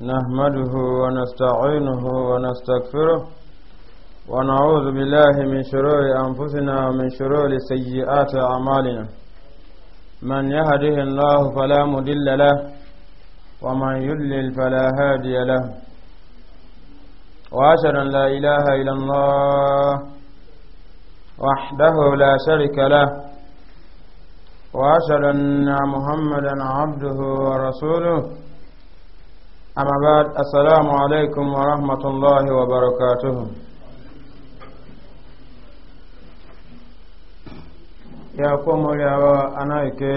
نحمده ونستعينه ونستغفره ونعوذ بالله من شرور أنفسنا ومن شرور سيئات أعمالنا من يهده الله فلا مدل له ومن يلل فلا هادي له وأشهد أن لا إله إلا الله وحده لا شرك له وأشهد أن محمدا عبده ورسوله salam alekomr ahmatụlọhiwabara kaụụ yakomoy anaghịke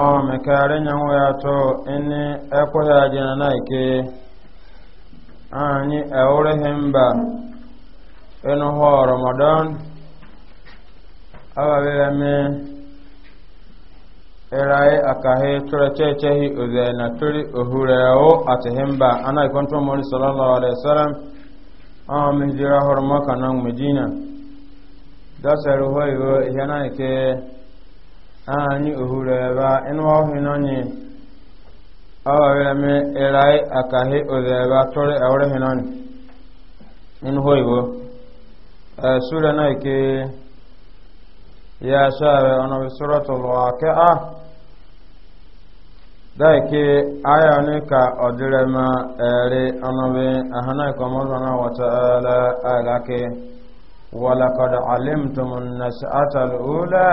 ọ mekari nyanwa ya tụ ene ekweghị ajena naike anyị ahụrụghị mba Ramadan rọmadan ahaghị eme erai akahe tura cecehi uzena turi uhurewo atihimba ana ikontro mori sallallahu alaihi wasallam an min jira horma kanan medina da saru hoyo ihana ike ani uhureba inwa hinani awa wele erai akahe uzeba turi awre hinani in hoyo eh, sura na ike ya share ono bi suratul waqi'a dai ke aya ne ka odire ma ere ono bi ahana ko mo na wa ta'ala ala ke wa laqad alimtum an-nas'ata al-ula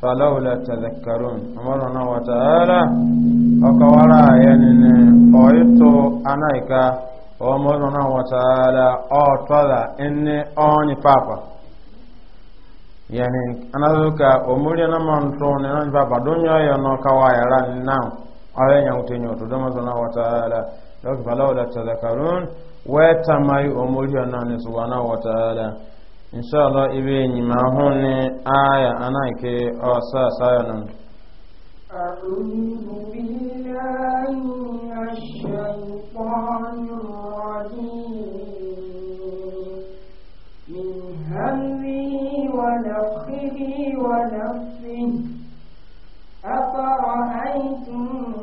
falawla tadhakkarun amara na wa ta'ala akawara yanin oyito anaika o mo na wa ta'ala o tola inni oni papa yani anazuka omuri na manto ne nan ba badonya ya no kawaya ran now awe nya utenyo to dama sana wa taala lak balaw la tadhakkarun wa tamai omuri na ne subhana wa taala insha Allah ibe ni ma hone aya anake o sa nan أعوذ بالله من الشيطان الرجيم من همه ونفخه ونفسه أفرأيتم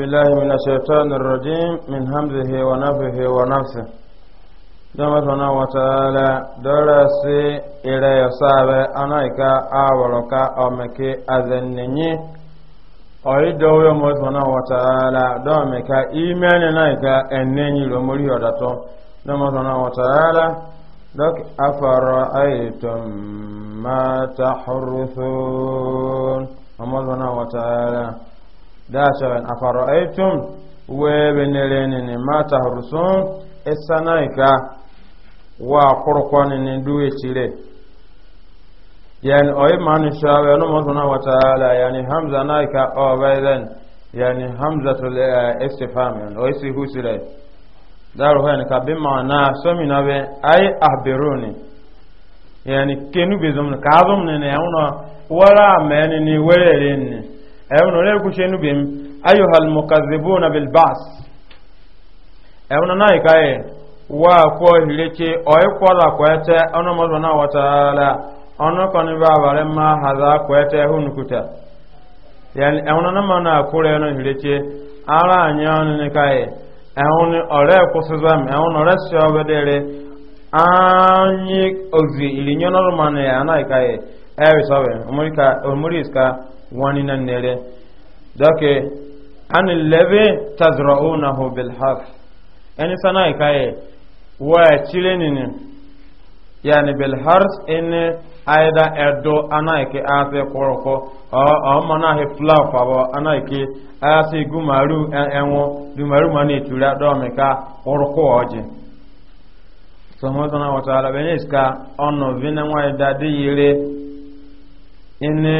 بالله من الشيطان الرجيم من همزه ونفه ونفسه dama sana wa ta'ala dara si ire ya sabe ana ika awoloka omeke azennyi oyi dowo mo sana wa ta'ala do meka imene na ika enenyi lo mori odato dama sana wa ta'ala dok afara aitum ma tahrusun amma sana wa ta'ala dasharan afara'aytum webe nelenini ma tahrusun esanaika wa qurqanini duwe chire yani oy man shawe no mosuna wa taala yani hamza naika o baydan yani hamzatul eh, istifham yani oy si husire daru hani ka bi mana somina be yani kenu bezum ka azum ne ne wala ameni ni wereleni ẹ̀wọ̀n rẹ̀ kú ṣe níbi ayyuhal mukazibu na bilbas ẹ̀wọ̀n náà ìka ẹ̀ wà kọ́ ìrèké ọ̀ẹ́kọ́lá kwẹ́tẹ́ ọ̀nàmọ́sọ̀ náà wọ́tàlá ọ̀nàkọ́ni bá àwàrẹ́ máa hàzá kwẹ́tẹ́ hùnùkúta ẹ̀wọ̀n náà máa na ara anyi ozi wani nan nere dake an lebe tazra'unahu bil haf yani sana kai wa chilenin yani bil hars in aida edo anaike ase koroko o o mana he flower fawo anaike ase gumaru e, enwo dumaru mana itura do meka koroko oje sọmọ sọmọ wọtara benin iska ọnà vinenwa idadi yire ine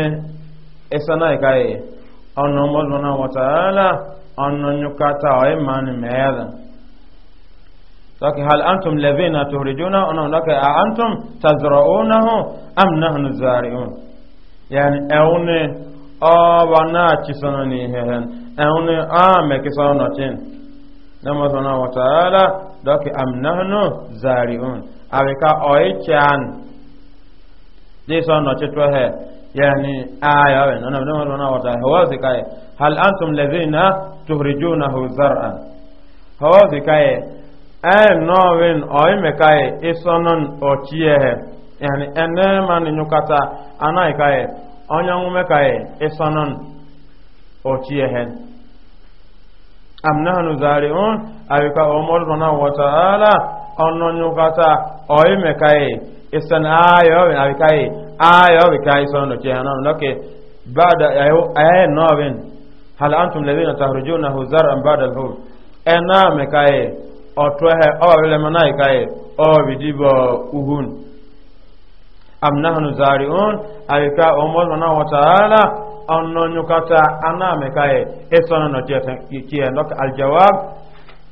esana ikaye ọ̀nà mọ́lọ́nà wàtàlá ọ̀nà nyukata ọ̀yẹ́ mani mẹ́ẹ̀dà sọ́kì hal antum levina tuhrijuna ọ̀nà ọ̀nàkẹ́ a antum tazra'unahu am nahnu zari'un yani ẹ̀wùnì ọba náà ci sọ́nà ní ihẹ́hẹ́n ẹ̀wùnì àmẹ́kì sọ́nà nọ̀tín na mọ́lọ́nà wàtàlá dọ́kì am nahnu zari'un àbíká ọ̀yẹ́ kyan dí sọ́nà nọ̀tí tó hẹ́ẹ̀ يعني آية أنا بدون ما أنا وتعالى هو ذكاء هل أنتم الذين تخرجونه زرعا هو ذكاء أي نوين أي مكاي إسنون أتيه يعني أنا ما نيوكاتا أنا إكاي أنيعو مكاي إسنون أتيه أم نحن زارعون أيكا أمور ربنا وتعالى أنيوكاتا أي مكاي إسن آية أي مكاي ayo bikai sono ke hanan loke bada ayo ayo noven hal antum ladina tahrujuna huzaran bada alhur ena mekaye otwehe awabele manai kaye obidibo uhun am nahnu zari'un ayka umma subhanahu wa ta'ala anno nyukata ana mekaye esono no ke ke loke aljawab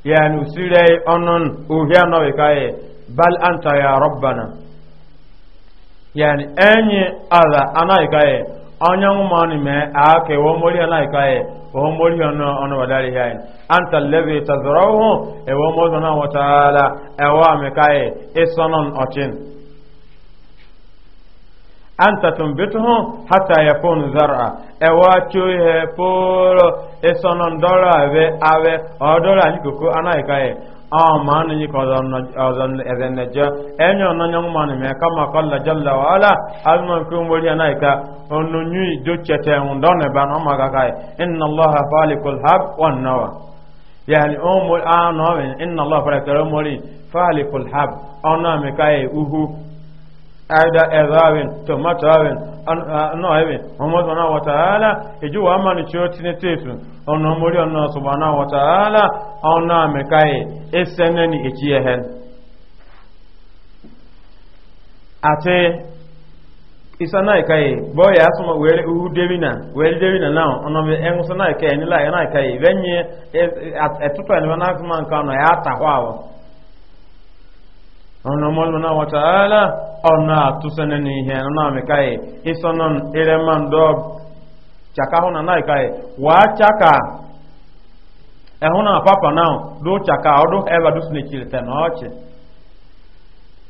yani usire onon uhya no bekaye bal anta ya rabbana yani enyi ala anaika ye onyanwu mani me aka wo mori anaika ye wo mori ono wadari hayi anta allazi tazrahu e wo mo zona wa taala e wa me kai e sonon otin anta tumbituhu hatta yakunu zar'a e wa chuhe polo e sonon dola ave abe odola ni koko anaika ye amana ah, yi ka zan ah, ezen eh, na je eh, enyo na nyan mani me kama kalla jalla wa ala azma kun wori ana ka onu nyi do chete un don ne ban o maga kai inna allaha falikul hab wan nawa yani umul anaw ah, inna allaha falikul mori falikul hab ona me kai uhu aida ezawin to matawin no ewe eju wa mani choti ne ono na ono ona mekai eseneni ejiehen ate na ikai boya asuma were uhu devina were devina now ono oh, me ikai ni la ikai venye na kuma nka ọ̀nà mọ́lùmọ́nà na ọ̀nà àtúnṣẹ́nẹ́ ní ihe ọ̀nà àmìkáyẹ̀ ìsọ́nà ìrẹ́mọ̀ndọ́ chakahụ na naika waa chaka ẹ̀hún náà pápá náà chaka ọdún ẹ̀bà dùsùn ní kìrìtẹ̀ náà ọ̀chì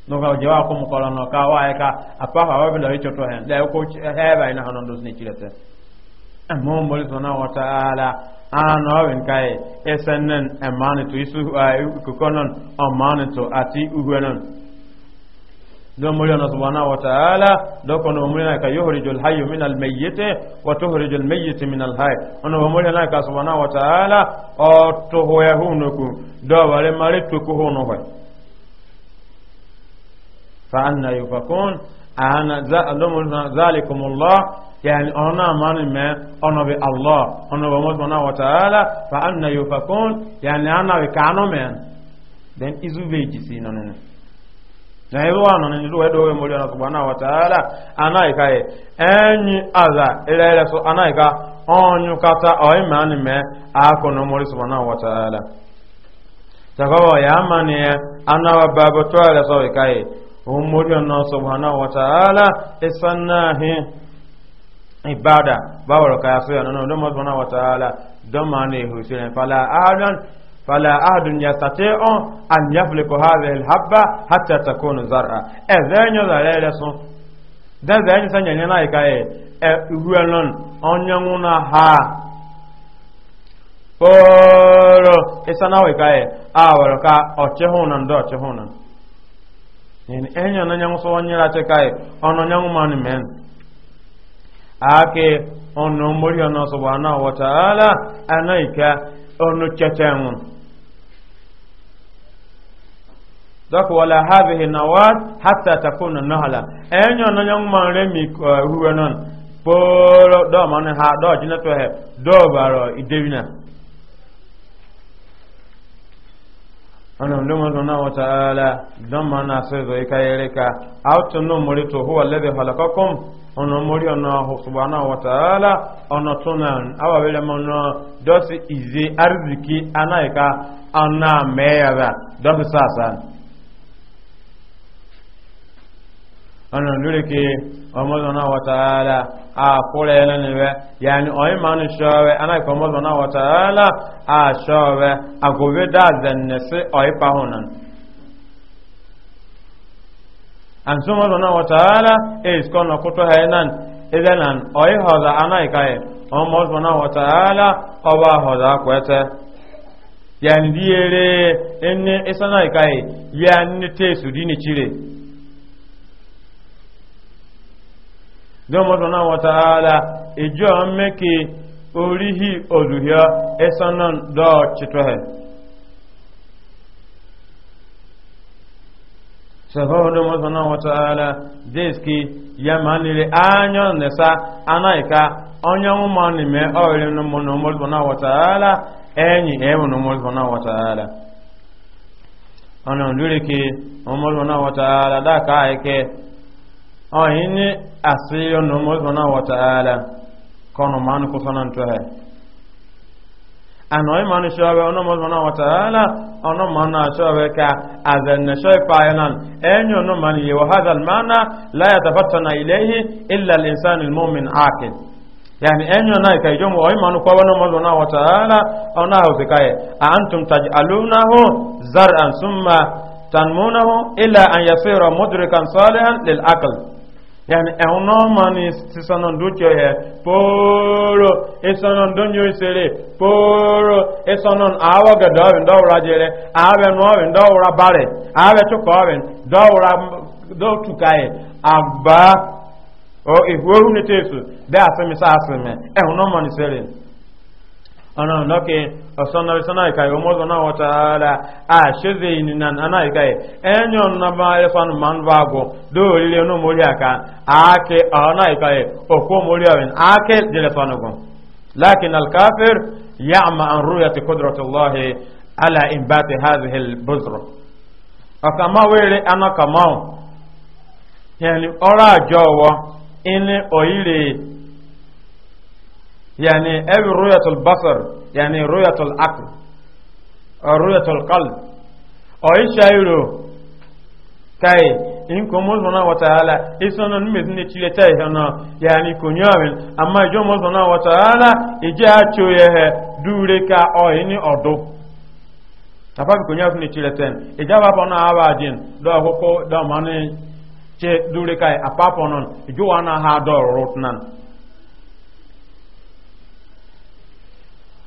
nígbà òjò na kó mu kọ́lọ́ náà ká wáyé ká àpáfà wọ́n bí lọ́ọ́ ìtsọ̀tọ̀ hẹ̀ ẹ̀ kó ẹ̀bà yìí náà ọ̀nà dùsùn ní anọrin kaị esennen emanitu isu ikuku nan omanitu ati uwe nan don murya na subhanahu wa ta'ala dokon wa murya ka yuhrijul hayyu min al mayyit wa tukhrijul mayyit min al hayy ono wa murya ka subhanahu wa ta'ala o to hoya hunuku do wale mare to ko hono hoy fa anna yufakun ana za zalikumullah yani ona amani me ono bi Allah ono bi Mosmana wa ta'ala fa anna yufakun yani ana bi kano men then izu na ilu ano nene ilu edo we mori ona subhanahu wa ta'ala ana ikaye enyi aza ila ila so ana ika onyu kata me ako no mori subhanahu wa ta'ala takawa ya amani e, ana wa e. ona subhanahu wa ta'ala ibada bawar ka so ya nono don mazuna wa ta'ala don ma ne husirin fala ahadan fala ahadun yastati'u an yafliku e e. E ha alhabba ha zar'a ezenyo zalele sun dan zanyi sanya ne na ikaye e huelon onyanwu na ha poro isanawe kaye awar ka na ake ọnụ mmori ọnụ ọsọgbọ anọ wọtaala anaghịka ọnụ chetenwu dọkụ wala habihi na wa hatta takuna nahala enyo no nyang man remi eh, huwe non poro do man ha do jina to he do baro idewina ana ndo mo na wa taala do man asezo ikayeleka auto no morito huwa alladhi khalaqakum ono mori ono ho subhanahu wa ta'ala ono tunan awa bele mono dosi izi arziki anaika ana meyada dosi sasa ono lure ki omo subhanahu wa ta'ala a kula yana ne yani oyi manu showe anaika omo subhanahu wa ta'ala a showe agobe da zannesi oyi pahunan and so much now wataala is kono kuto hainan idanan oi hoza anai kai almost now wataala qawa hoza kwete yan diere enne isanai kai yan tesu dini chire domo now wataala ijo meki orihi oduhia esanan do chitohe sahodo mọ́sánà wọ́tàálà jésìkì yamanire anyọ́ nẹ̀sá anáìka ọnyọ́wó mọ́nìmẹ́ ọ̀rẹ́ mọ́nà enyi wọ́tàálà ẹ̀yìn ẹ̀wọ̀n mọ́sánà wọ́tàálà ọ̀nà na mọ́sánà wọ́tàálà dáka àìkẹ́ ọ̀yìn asịrị àṣírí ọ̀nà na kwụsọ na anoi manu shobe ono mo mana wa taala ono mana shobe ka azan shoy payanan enyo no man ye wa hadha al mana la yatafattana ilayhi illa al insanu al mu'min aqil yani enyo na ka jomo oy manu ko wono mo mana wa taala ona ho se kai antum taj'alunahu zar'an summa tanmunahu illa an yasira mudrikan salihan lil aql yani ɛwɔnɔ e mani sisanɔ ndotsɔ yɛ pooro esɔnɔ ndonyo esere pooro esɔnɔ awɔ gɛdɛ ɔbɛn dɔwɔra jɛrɛ awɛ nɔ ɔbɛn dɔwɔra bari awɛ tukɔ ɔbɛn dɔwɔra dɔwɔtuka yɛ agba ɔ ihuehu ne te so bɛ asemi sa ana ndoke osona sana kai omozo na wa taala a sheze ni nan ana kai enyo na ba elefan man vago do lile no mori aka ake ana kai oko mori awen ake elefan go lakin al kafir ya'ma an ru'yati qudrati allah ala inbati hadhihi al buzra akama were ana يعني أي رؤية البصر يعني رؤية العقل أو رؤية القلب أو يشايرو كاي in ko mo sona wa taala isona nume ne chile tai hana yani kunyawen amma jo mo sona wa taala ije acho ye he dure ka o ini odo tafabi kunyawen ne chile ten ije ba bona aba jin do hoko do mane che dure kai apapo non ijo wana ha do rotnan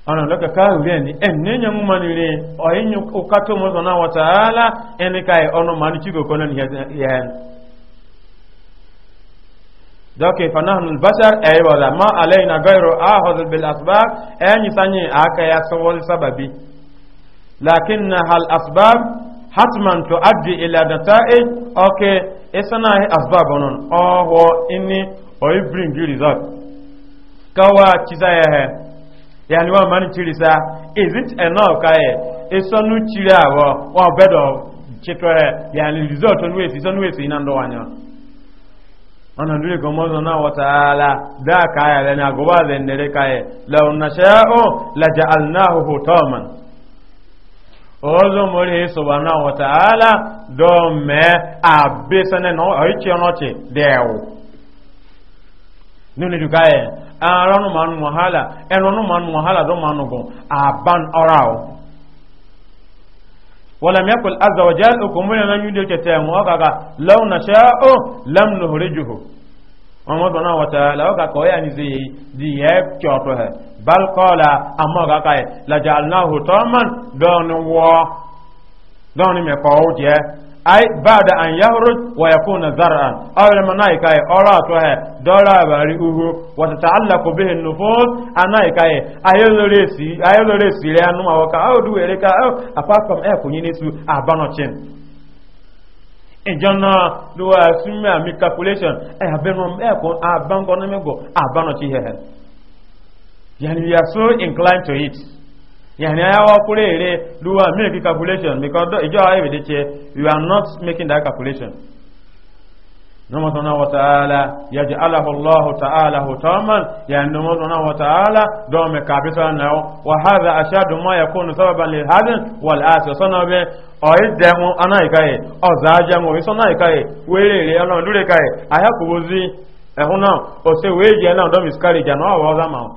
ana laka kawure ni enne eh, nyangu manire oyenye ukato mozo na wataala ene kai ono mani chigo kono ni yan doke fanahnu albashar aywala eh, ma alaina ghayru ahad bil asbab enyi eh, a aka ya sawol sababi lakinna hal asbab hatman tuaddi ila nata'ij oke esana asbab onon oho inni oy bring result kawa chizaya yani wa mani chiri sa is it enough ka e esonu chiri awo wa bedo chitore yani result on wesi son wesi ina ndo wanya ana ndure ko mo na wa taala da ka ya le na go ba le nere ka e law nasha'u la ja'alnahu hutaman ozo mori subhanahu wa ta'ala do me abesane no oichi onochi dewo nunu dukaye aranu manu wahala ẹnunu manu wahala do manu gun aban ọrawo wọlọm yẹ kọl azawajal okunmọlẹ náà yúdíò tẹtẹ wọn kàkà lọwọ na ṣe ó lẹm lóhùrẹ jùhù wọn mọ sọnà wọtẹ lọwọ kàkà ọ yà ní sèyí di yẹ kí ọtọ hẹ balkọọla àmọ kàkà yẹ lajà aláhùtọọmọ dọọni wọ dọọni mẹkọọ jẹ ai bada an yahruj wa yakuna zar'an aw lam naikai ora to he dola bari uhu wa tata'allaqu bihi an-nufus anaikai ayolore si ayolore si re anu awaka awdu ere ka apart from e kunyi su abano ah, chin ijana do asumi a calculation e eh, abenu e eh, ko abango ah, na mego abano ah, chi he yani we are so inclined to it yani ayawa kurere eh, duwa make calculation because ijo ayi de che you are not making that calculation nomo tona wa ta'ala yaj'alahu Allah ta'ala hutaman yani nomo tona wa ta'ala do me kabisa na wa ashadu ma yakunu sababan lil hadin wal asi sona be oidemu ana ikaye ozajemu sona ikaye werere olon dure kaye ehuna o se na do miscarriage na wa wa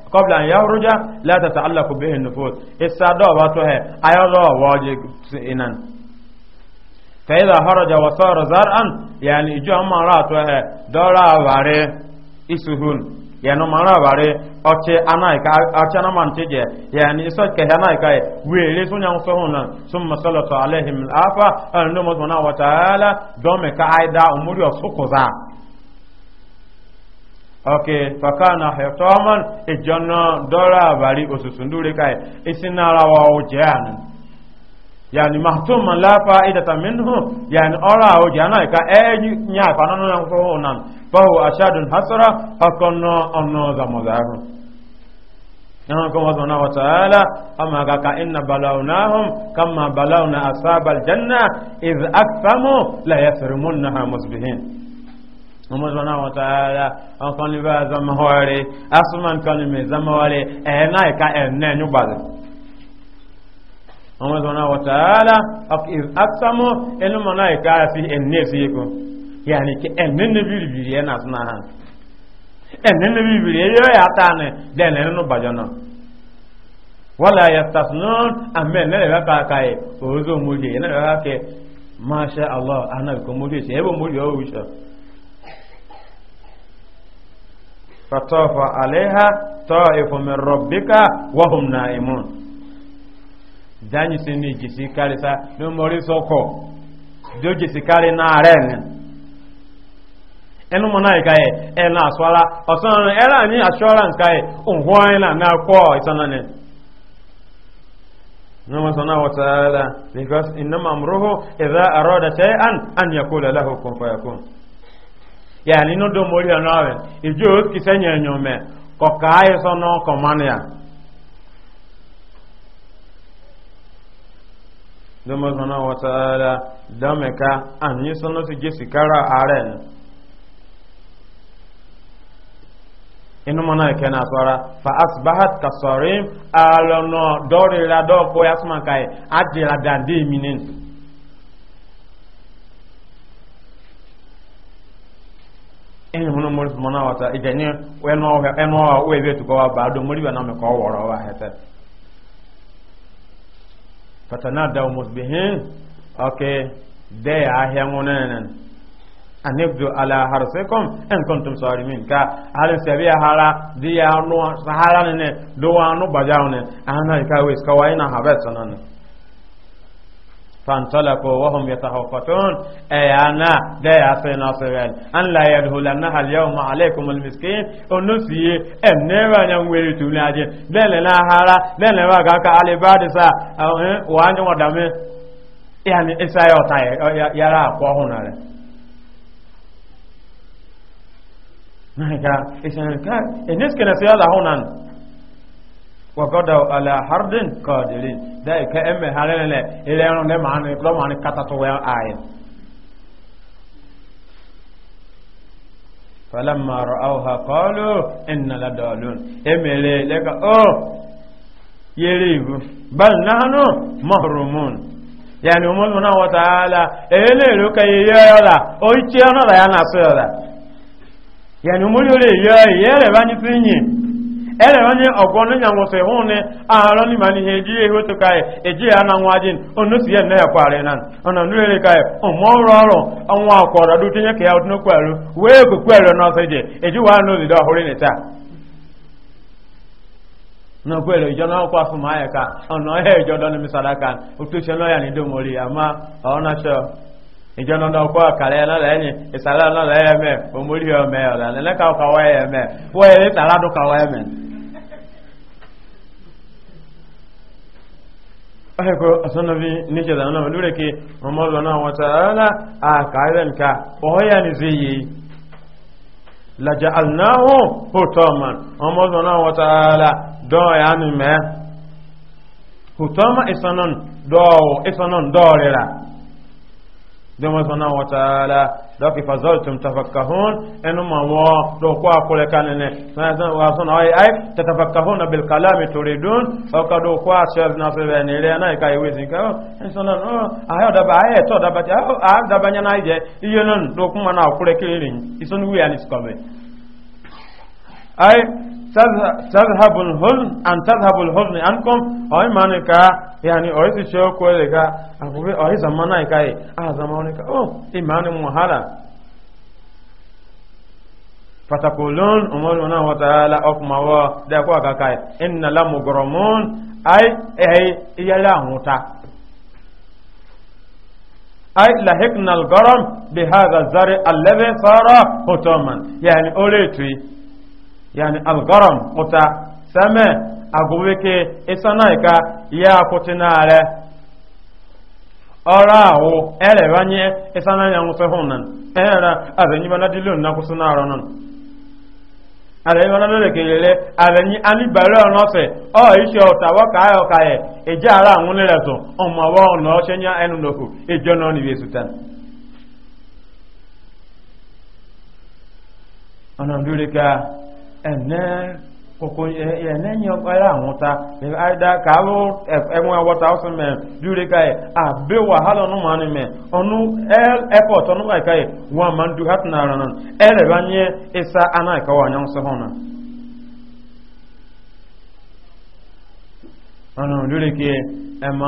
kọbla ń yàwó rújá látàtà alákò bí hìn nufus ìsádọ́ ọba tó hẹ ayọ́lọ́ wọ́ọ́jì sí inan fẹ́yìdà haraja wa sọ́rọ̀ zar'an yàní ìjọ ọmọ ara tó hẹ dọ́ra àwárí isuhun yàní ọmọ ara àwárí ọchẹ anáìka ọchẹ anáman ti jẹ yàní isọ kẹhẹ anáìka yẹ wéèrè sún yàn sọhùn náà sún mọ sọlọtọ afa ẹni ló mọ sọ náà wọtàálà dọmẹka àìdá òmúrí ọsùkùzà ok fakana hetoman ejono dora abari osusundure kai isinara wa ojean yani mahtuman la fa'idata minhu yani ora ojana ka e nya pananu na ko onan bahu ashadun hasara hakono onno za mozaru yana kuma zauna wa ta'ala amma ga ka inna balawnahum kama balawna ashabal janna iz akthamu la yasrimunha musbihin mọ́mọ́sánà wọ̀tàrà ọkànlẹ́bà zamahọ́rẹ́ asúnmọ́n kọlùmẹ̀ zamahọ́rẹ́ ẹ̀ẹ́nà ìka ẹ̀ẹ́nà ẹ̀nyúgbàdì mọ́mọ́sánà wọ̀tàrà aksamu ẹnumọ́nà ìka fi ẹ̀ẹ́nà ẹ̀fíyẹ́kọ́ yàní kí ẹ̀ẹ́nà níbìrìbìrì ẹ̀ẹ́nà súnà hàn ẹ̀ẹ́nà níbìrìbìrì ẹ̀yọ́ yà ya ní dẹ́ẹ̀nà ẹ̀ẹ́nà bàjọ́ náà wala yastasnun amen ne ba ka kai e, ozo muje ne ba ke masha Allah ana ko muje muje o wisha فطاف عليها طائف من ربك وهم نائمون داني سني جسي كارسا نموري سوكو دو جسي كاري نارين ẹnu mọ náà ìka yẹ ẹnu àṣọra ọ̀sán ọ̀run ẹ̀rọ ní assurance ka yẹ na ẹ̀nà náà ni ní wọ́n sọ náà wọ́tàlá because ìnáma àmúróhó àn yani no do mori ona we ijo kisanya nyome ko kaaye sono ko mania domo sona wa taala dameka anyi sono si jesikara aren inu mana e ke na sora fa asbahat kasarim alono dori la do ko yasman kai e, adira dandi minin ẹni múnú mọ́rí mọ́ná wata ìjẹ́ ní ẹnu ọ̀wọ̀ owó ìwé tukọ̀ wa bá dùn mọ́rí bẹ̀rẹ̀ mẹ́kọ̀ wọ̀rọ̀ wa hẹ́tẹ́ fatana da musbihin ọkẹ́ dẹ́yà ahẹ́ wọn nẹ́nẹ́ anibdu ala harsikum in kuntum sarimin ka alin sabi hara diya no sahara ne do wa no bajaw ne ana ka wes ka wa ina habet فانطلقوا وهم يتخوفتون اي انا لا يعصينا سبيل ان لا يدخلنها اليوم عليكم المسكين ونسي ان نيرا نوير تولاجين لن لا هارا لن لا غاكا علي بعد سا وان ودامي يعني اسايا تاي يرا اكو هنا نكا اسايا كان الناس كنا سياده هنا wakɔda ala hardin kɔdirin da ika ɛmɛ harin lɛ ilẹ̀ ɛrùn lɛ maa ni lɔ maa ni kata tó wɛ ayɛ. fala maaro aw ha kɔɔlu ɛnna la dɔɔlun ɛmɛlɛ lɛ ka o yɛrɛ ibu bal nahanu mahrumun yanni o mɔlu wata ala ɛyɛlɛ yɛrɛ ka ye yɔyɔ la o tiɲɛ na la yanni a la yanni o mɔlu yɛrɛ yɔyɔ b'a ni fi ɲɛ. ere onye ọgwọ n'ịnya nwụsị hụ ni ahara n'ime ihe eji ehi otu kaị eji ya na nwa jin onu si ya nne ya kwari na ọna ya ụmụ ọrụ ọrụ ọnwa akwọrọ du tinye ka ya ọdụ n'okwu wee gokwu arụ n'ọsọ eji wa n'ozi dị ọhụrụ n'ita n'okwu ere ijọ ka ọna ọhịa ijọ dọ n'imi otu n'ọya n'ido mori ya ma ọ na ijọ nọ n'ọkwa ọkara ya ya eme omori ya ahe ko asanabi nike da nan lure ke Muhammadu na wata ala a kairan ka oya ni zeyi la ja'alnahu hutaman Muhammadu na wata ala do ya ni me hutama isanon do isanon do rera do Muhammadu na wata ala dɔki fazɔl tum tafakahun ɛnu ma wɔ dɔkɔ akɔlɛ kanɛnɛ wasan ayi ayi tatafakahun na bil kalami tori dun ɔka dɔkɔ asɛs na sɛbɛ nire ɛna yi ka yi wezi ka ɛsɛnɛ ɔ ayi daba ayi ɛtɔ daba ti ayi daba nyɛ na yi jɛ iye nɔn dɔkuma na akɔlɛ kiri rin isɔn wuya ni sikɔbɛ ayi تذهب الحزن أن تذهب الحزن عنكم أي معنى كا يعني أي تشيو كوي لكا أقول أي زمانا كاي آه زمانا كا أوه إيمان مهلا فتقولون أمرنا وتعالى أكما ودعوا كاكاي إن لا مغرمون اي اي يلا هوتا أي لحقنا الغرم بهذا الزرع الذي صار هتوما يعني اوليتي yani algaram kuta ya kutinare ọrọ ahụ erewanye isananya nwụsị hụnan era abenyi mana dilon na kwụsị na arọ nan abenyi mana lere kelele abenyi anibare ọnọsị ọ isi ọtawa ka ayọ ka ya ara anwụ lere tụ ọmụ awọ ọnọ enu n'oku ejo na ọnụ ibe ene e, e, enenyi ya anwụta aida ka alụ enwe wọta ọsọ mee dure ka abe wahala ọnụ mmanụ ọnụ efọt ọnụ ma ka ma ndu ha tụnara na erebanye ịsa ana ikawa anya nsọ hụ na ọnụ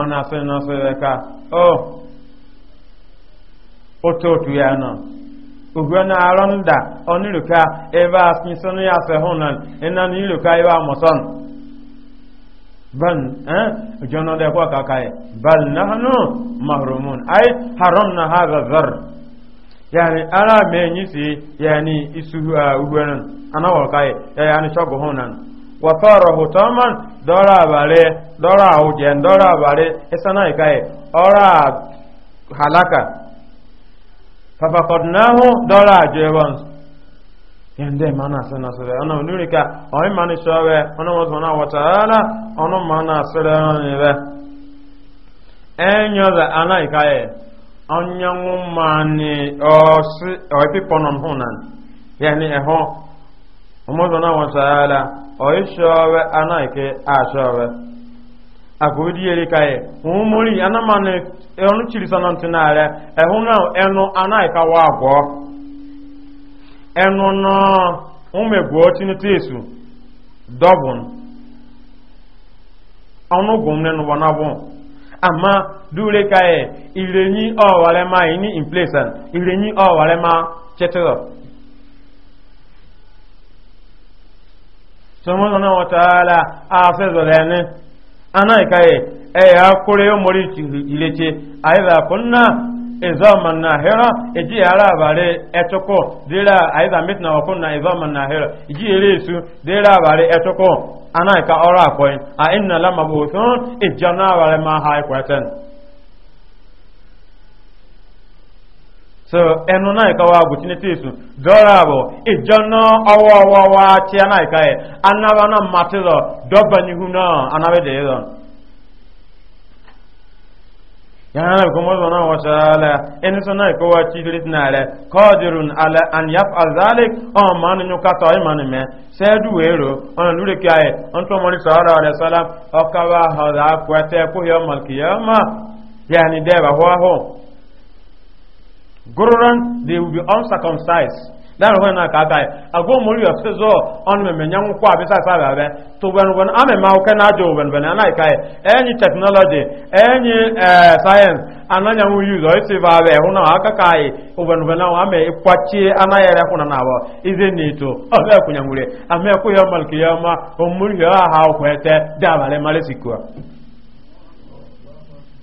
na na ka ọ otu ya nọ ogwe na aron da oniruka ebe a sun sunu ya se hunan ina ni iruka ebe a musan ban eh jono da kwa kakaye bal nahnu mahrumun ai haramna hadha dhar yani ara me nyisi yani isu ah, ugwenan ana wa kai yani shogo hunan wa tara hutaman dora bare dora ujen dora esana ora halaka fafakodnahu dɔla ajewon yende mana sena sere ona nuri ka oyi mani showe ona wazmana wa ta'ala ona mana sere oni be enyo da ana ikaye onyanwu mani osi oyi piponon hunan yani eho ona wazmana wa ana agodi yere ka ye umuri anamane onu na ntinare ehuna enu ana ka wa agwo enu no umegwo tinite esu dobun onu gumne no wana bon ama dure ka ye irenyi o wale ma ini in place o wale ma chetero ana ikaye e ya kure yo mori ilete aidha kunna na nahira eji ara bare etoko dira aidha mitna wa kunna izaman nahira eji ere su dira bare etoko ana ika ora akoyin a inna lamabuthun ijana bare ma ha ikweten so ẹnu náà ìka wa gùtí ní tíìsù dọ́ra àbọ̀ ìjọ́nà ọwọ́ ọwọ́ wa tí a náà ìka yẹ anára náà màtí lọ dọ́gba níhu náà anábẹ́dẹ̀ yìí lọ. yàrá náà ìkọ́mọ́ sọ náà wọ́n ṣàlẹ̀ ẹni sọ náà ìkọ́wọ́ tí ìdílé ti náà rẹ̀ kọ́ọ̀dìrún alẹ́ àníyàp ọ̀n nínú kátó sẹ́ẹ̀dù wẹ̀rọ ọ̀n Gororan, they will be uncircumcised. That when I na I go more your on me, young qua besides Ababe, to when when I'm a Maukan Ajo, when when I like any technology, any eh, when when a Quachi, and I have one hour, is in need to, oh, Malkiyama, ya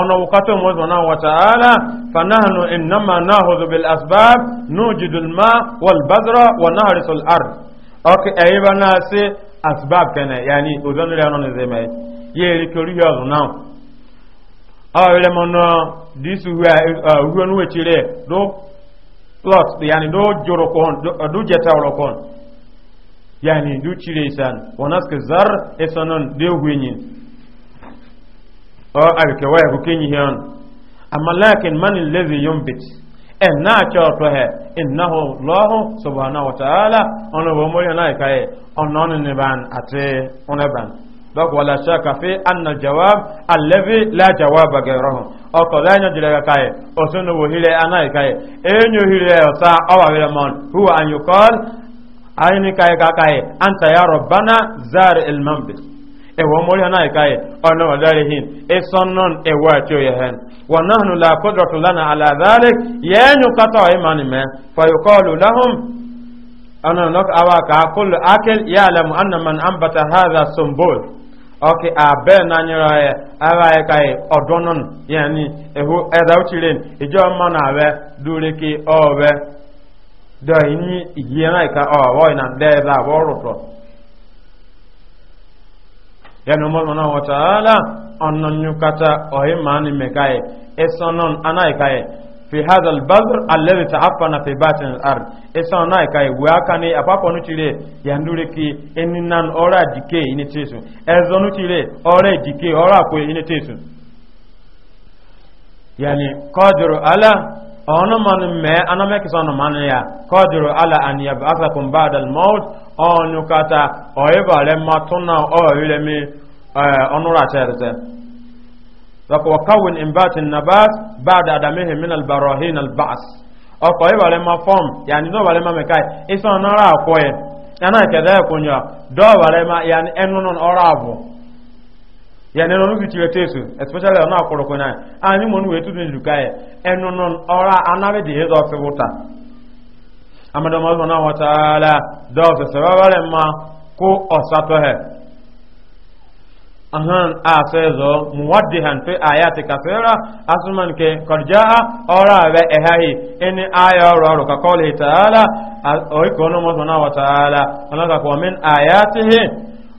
ọ̀nà wùkátọ̀ mọ́sànà wàtàálà fanáhànù ìnàmà náà hùzùbìl asbab nùjìdùlmá wàlbàdàrà wà náà rìsùl ar ọkì ẹ̀yí bá náà sí asbab kẹnẹ̀ yàní òzánilẹ̀ ọ̀nà nìzẹ̀ mẹ́ yẹ èrè kí oríhì ọ̀zùn náà ọ̀rẹ́ mọ́nà dísù hùwẹ́ nù wẹ̀tì rẹ̀ dó plot yàní dó jòrò kọ́n dó jẹta ọ̀rọ̀ kọ́n yàní dó chire isan wọn náà sì or alkawaya ko kenyi hen amma lakin man alladhi yumbit en na cho to he innahu allah subhanahu wa ta'ala ono bo mo yana kai ono no ne ban ate ono ban dok wala shaka fi anna aljawab alladhi la jawaba ghayrahu o ko la nya jira kai o so no wo hire ana kai enyo hire o ta awa wele mon huwa an yuqal ayni kai ka kai anta ya rabbana zar almanbit ewa mori hana ikaye ọ̀nà ọ̀dọ́rẹ̀hìn ẹsọ́nà ẹwà tí ó yẹ hẹn wọn náà nù làkọ́dọ̀tù lánàá àlàzárẹ̀ yẹ́nyù kátọ̀ ìmánimẹ́ fàyọkọ́ọ̀lù láhùn ọ̀nà ọ̀nà kàkúlù akẹ́l yàlẹ̀mù annaman ambata haza sombol ọkì abẹ́ nanyẹrọ ẹ ara ẹka ẹ ọdọ́nùn yẹni ehu ẹ̀dá òchìrìn ìjọ ọmọ náà rẹ dúrékì ìní ìyẹn náà ìnà ya na mɔlu mana wata ala ɔnɔnyukata ɔye maani mɛka ye esɔnɔn ana fi hazal bazr alɛbi ta na fi baatin ar esɔn ana yi ka ye wuya kani a fa pɔnu tire yandure ki eni nan ɔra dike ini tesu ɛzɔnu tire ɔra dike ɔra koe ini tesu yani kɔduru ala ono man me ana me kisono man ya qadiru ala an yab'athakum ba'da al-maut onu kata oyebare matuna oyire mi eh, onura terze dako wakawin imbatin nabat ba'da adamihi min al-barahin al-ba's ọkọ̀ ìbàlẹ̀ ma fọ́m yàní dọ́ọ̀bàlẹ̀ ma mẹ́ka ìsọ̀nà ara àkọ́ ẹ̀ ẹ̀nà ìkẹ̀dẹ́ ẹ̀kùnjọ́ dọ́ọ̀bàlẹ̀ ma yàní ẹnu ọ̀rọ̀ àbọ̀ yẹni lọ́nà fi tiwẹ́ tẹ́sù especially ọ̀nà àkọ̀rọ̀kọ̀ náà a ní mọ̀ níwẹ̀ tuntun ìlú káyẹ̀ ẹnu nù ọ̀rá anábẹ́dì ẹ̀zọ́ fi wúta amadọ́mọ́ ọ̀sán náà wọ́n tààlà dọ́ọ̀sẹ̀ sẹ́wọ́wọ́lẹ̀ ma kó ọ̀sátọ́ hẹ̀ ahan àṣẹ ẹ̀zọ́ muwádìí hàn pé àyà ti kàfẹ́rà asúmọ̀n kẹ kọjá ọ̀rá rẹ̀ ẹ̀háyì ẹni àyà ọ̀rọ̀ ọ̀rọ̀ kakọ́ọ̀lẹ̀ tààlà ọ̀ìkọ̀ ọ̀nà mọ́sán náà wọ́n tààlà ọ̀nà kàkọ́ min àyà ti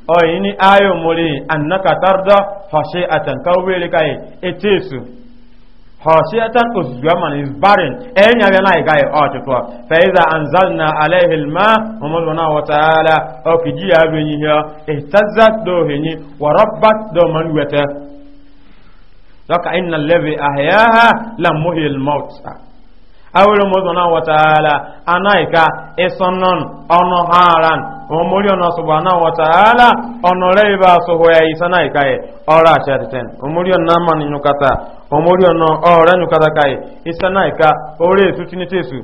oyi ni ayo muri annaka tarda khashi'atan kawweli kai etesu khashi'atan usjuman is barren enya bena kai otwa oh, fa iza anzalna alaihi alma umma wa ta'ala o kiji ya ihtazzat do hini wa rabbat do man wata laka innal ladhi la muhyil mauta awere mozona wataala anaika esonon ono haran omori ono subhana wataala ono leiba soho ya isana ikaye ora chatiten omori ono namani nyukata omori ono ora nyukata kai isana ika ore esu tinitesu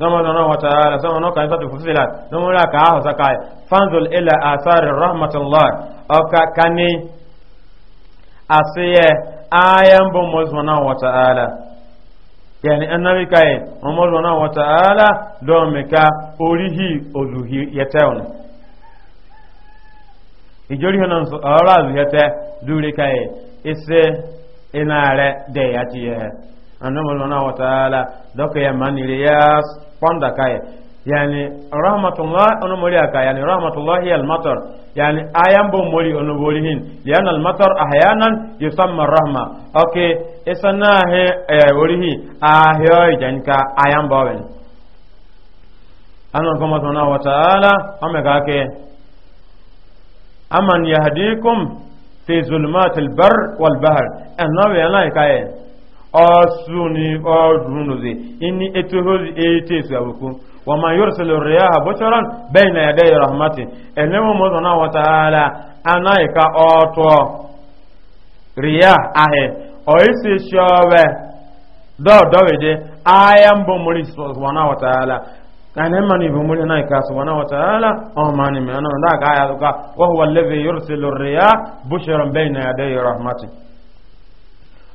نمنا وتعالى ثم نوكا يسات فصلت نمنا كاه سكاي فانزل إلى آثار رحمة الله أو كاني أسيه آيام بمزمنا وتعالى yani annabi kai umar wana wa ta'ala don meka orihi oluhi yeteun ijori hana so ara zu yete dure kai ise ina re de yati ye annabi wana wa ta'ala doka ya manire yas kwanda kaye yani rahmatullah ono mori aka yani rahmatullahi almatar yani ayan bo mori ono bori hin lian almatar ahyanan yusamma rahma okay isana he eh orihi ahyo janka ayan bawen anan kuma sona wa ta'ala amega ke aman yahdikum fi zulmatil bar wal bahr annabi yana kaye ọsùnì ọdúnrúnùzè inú ètò ìhòzì èyítí èsù àbùkú wọ́n máa yóò sẹlẹ̀ rẹ̀ àbọ́sọ́rán bẹ́ẹ̀ na ẹ̀dẹ́ ìrọ̀hàmátì ẹ̀lẹ́wọ̀n mọ́sọ̀ náà wọ́n tààlà anáìka ọ̀tọ̀ rìyà ahẹ̀ ọ̀ẹ́sì ṣọ́ọ̀bẹ̀ dọ́ọ̀dọ́wẹ̀dẹ́ ayámbọ̀ mọ́rí sọ̀rọ̀ náà wọ́n na ka subhanahu wa ta'ala o mani ma da ka ya ka wa huwa yursilu riya bushran bayna yaday rahmatihi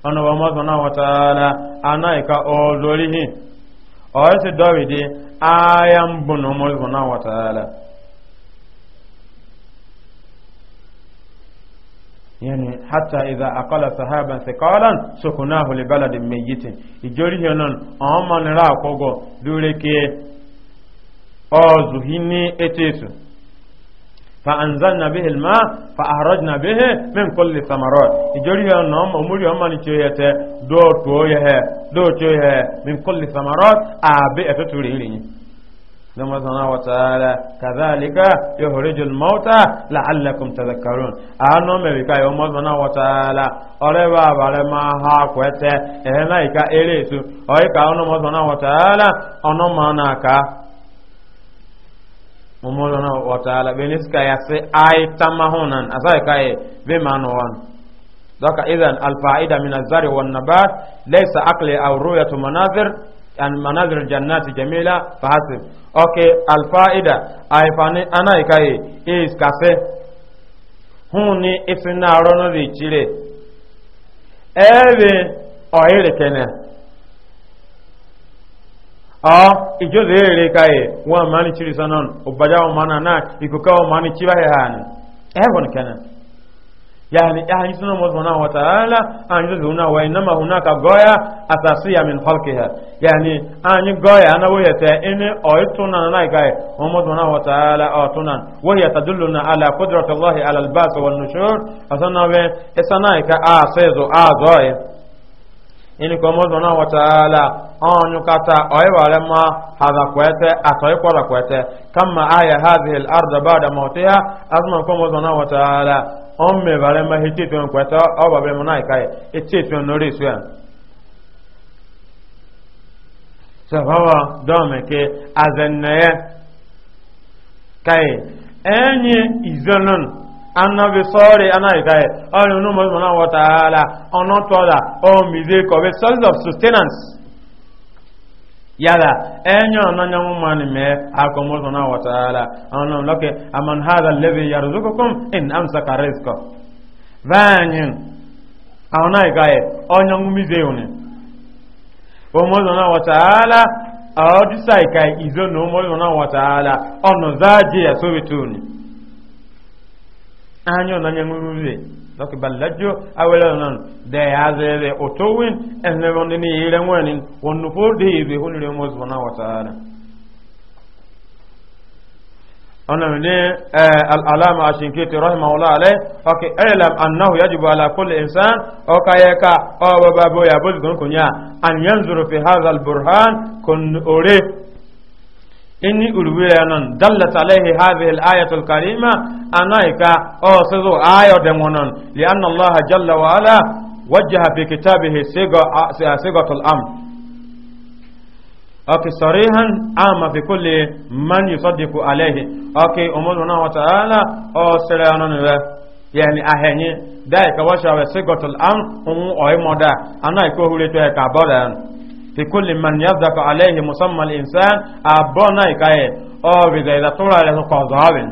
ọ̀nà wọn mọ́ sọ́nà wọ́tàlá anáìka ọ̀zọ́rí hìn ọ̀rẹ́ ti dọ́wìdí ayá ń bùnà mọ́ sọ́nà wọ́tàlá yani hatta idha aqala sahaban thiqalan sukunahu li baladin mayyitin ijori hinon on man nira kogo dure ke ozuhini etesu فأنزلنا به الماء فأخرجنا به من كل الثمرات يجري نوم أموري أمان تشيهت دو تويه دو تويه من كل الثمرات أبي أتتوري لي لما سبحانه وتعالى كذلك يخرج الموتى لعلكم تذكرون أنا مبكا يوم سبحانه وتعالى أربا بلما ها كويت إهنا إيكا إليسو أيكا أنا سبحانه وتعالى أنا ماناكا mumolona wataala beniska yase ay tamahunan asai kaye be mano wan doka idhan alfaida min azari wannabat laysa akli au ruyatu manazir an manazir jannati jamila fahasib ok alfaida ay fani anai kaye iskase huni isina rono di chile ebe oyire kene ọ ijo zere kai e, wa mani chiri sanon ubaja wa mana na ikuka wa mani chiba he hani ehon kana yani ahli sunna wa sunna wa ta'ala anjo zuna wa inma hunaka goya asasiya min khalqiha yani anyi goya na wo yete ini oituna na kai umma e, sunna wa ta'ala atuna wa hiya tadulluna ala qudratillahi ala al-ba'th wan nushur asana we esana ka asezo azoe ini ko mozo na wataala on kata oyibare ma hadha kwete atoy kwara kwete kama aya hadhihi al-ard ba'da mawtiha azma ko mozo na wataala on me bare ma hiti to kwete o babe mo nai kai iti to no risu ya sabawa dome ke azenne kai enye izanon annabi sɔɔre ana yi ka ye ɔni nu mɔzɔn na wɔta ala ɔnɔ tɔ la ɔn mize source of sustenance yala ɛnyɛ ɔnɔ nyɛmu ma ni mɛ akɔ mɔzɔn na wɔta ala ɔnɔ lɔkɛ aman hada levi yaruzuku in amsaka ka rizkɔ vaanyin ɔnɔ yi ka ye ɔnyɛmu mize wuni ɔmɔzɔn na wɔta ala ɔdisa yi ka ye izo na ɔmɔzɔn na wɔta ala ɔnɔ zaa je ya tuuni. anyo na nyangu ruwe donc ballajo awela non de azere otowin enne wonde ni yele ngwani wonno fo de be honu le moz bona wa taala ona ne eh, al alama ashinkiti rahimahullah alayh okay ilam annahu yajibu ala kulli insan o kayeka o babo ya boz gon kunya an yanzuru fi hadha al burhan kun ore inni urwira non dallat alayhi hadhihi al-ayatu al-karima anaika o sizo ayo de monon li anna allah jalla wa ala wajjaha fi kitabihi siga sigatul amr okay sarihan ama fi kulli man yusaddiqu alayhi okay umur na wa ta'ala o sira non we yani ahenye dai ka washa we sigatul amr um o moda anaika hure to e ka bodan fi kulli man yazdaku alayhi musamma al-insan abona ikaye o bi da ila tura ila ko zawin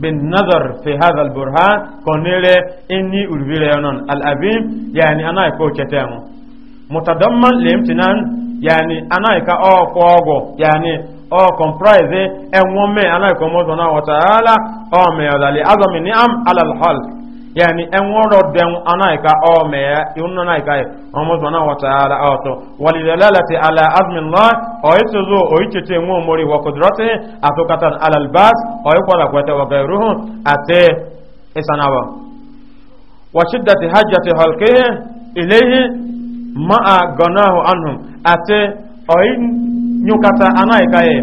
bin nazar fi hadha al-burhan konire inni ulwire non al-abim yani ana ko chetemu mutadamman limtinan yani anaika o kogo yani o comprise enwome anaika mo dona wa taala o me ala azami ni'am ala al-halq yani en woro den anaika o oh, me yun anaika omo zona wa taala auto oh, walidalalati ala azmi allah o yitzo o yitete mo mori wa qudrati atokatan ala albas o yqala kwata wa gairuhu ate isanawa wa shiddati hajjati halqihi ilayhi ma'a ganahu anhum ate o nyukata anaika ye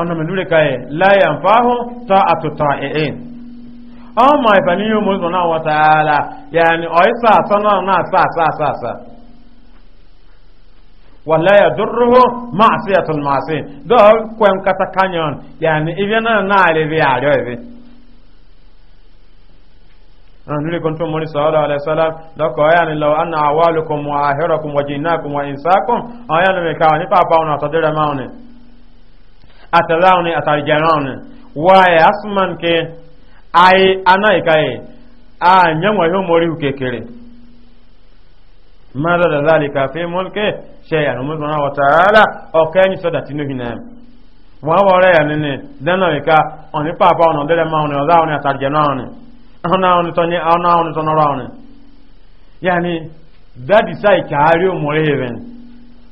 ọ̀nà mẹ́lúrẹ́ káyẹ̀ láyàn fáhó tá àtútà ẹ̀ẹ́ ọmọ ìfẹ̀mí yóò mọ́ ìsọ̀nà wọ́n tààlà yàní ọ̀ísà sọ́nà náà sàásàásàásà wà láyà dúró máa ya ẹ̀tùn máa sí dọ́ọ̀ kwẹ́m kata kanyon yàní ibi náà na rí rí àárẹ̀ ibi nuri kun tun muni sallallahu alaihi wasallam da ko ya ni law anna awalukum wa ahirakum wa jinakum wa insakum ayanu me ka ni papa ona atalauni atarjarauni waye asman ke ai ana ikaye a nyamwa yo mori ukekere mada da zalika fi mulke shay'an mu subhanahu wa ta'ala o kanyi soda tinu hinam wa wore ya nene dana ika oni papa ono dele ma ono za ono atarjarauni ona ono tonye ona ono tonorauni yani that is ai kari o mori even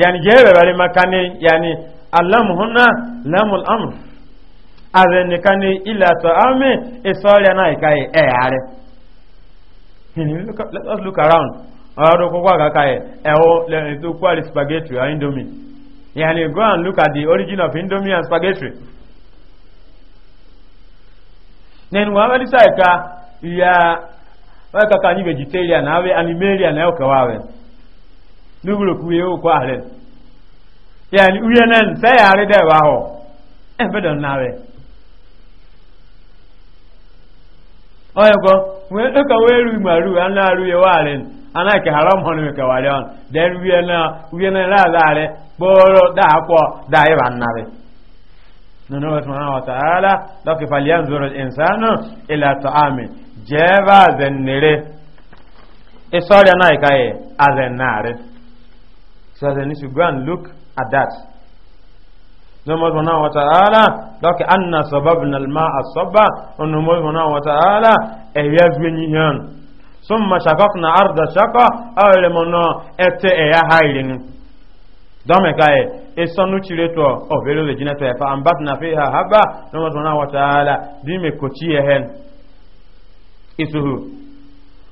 yani jebe bari makane yani allamu hunna lamul amr azeni kane ila ta'ami isori na ikaye e eh, are let us look around ọ̀rọ̀ kọ́kọ́ àkàkà ẹ̀ ẹ̀wọ́ lẹ́yìn tó kwari spaghetti or indomie yani go and look at the origin of indomie and spaghetti nínú wọn wẹ́n dísà ẹ̀ka ìyá wọ́n kàkà ní vegetarian àwẹ́ animalian ẹ̀ ọ̀kẹ́wà rẹ̀ n'ogburu okwu ihe okwu ya yani uye nan sai ya rida ba ho en fe don nawe oye ko we e ka we ru ma ru an la ru ye wa re ana ke haram honu ke wa re on den uye na uye na la la re boro da ko da ye ban nawe nono wa subhanahu wa ta'ala laki falyanzuru al-insanu ila ta'ami jeva zennere isori na ikaye azennare So then you go and look at that. Nomad wana wa ta'ala laki anna sababna al-ma'a sabba nomad wana wa ta'ala ehyazwe nyihan summa shakakna arda shaka awele mono ete eya hailin dame kae esanu chireto ovelo oh, le jinato ya fa ambatna fiha haba nomad wana wa ta'ala dime kochi ehen isuhu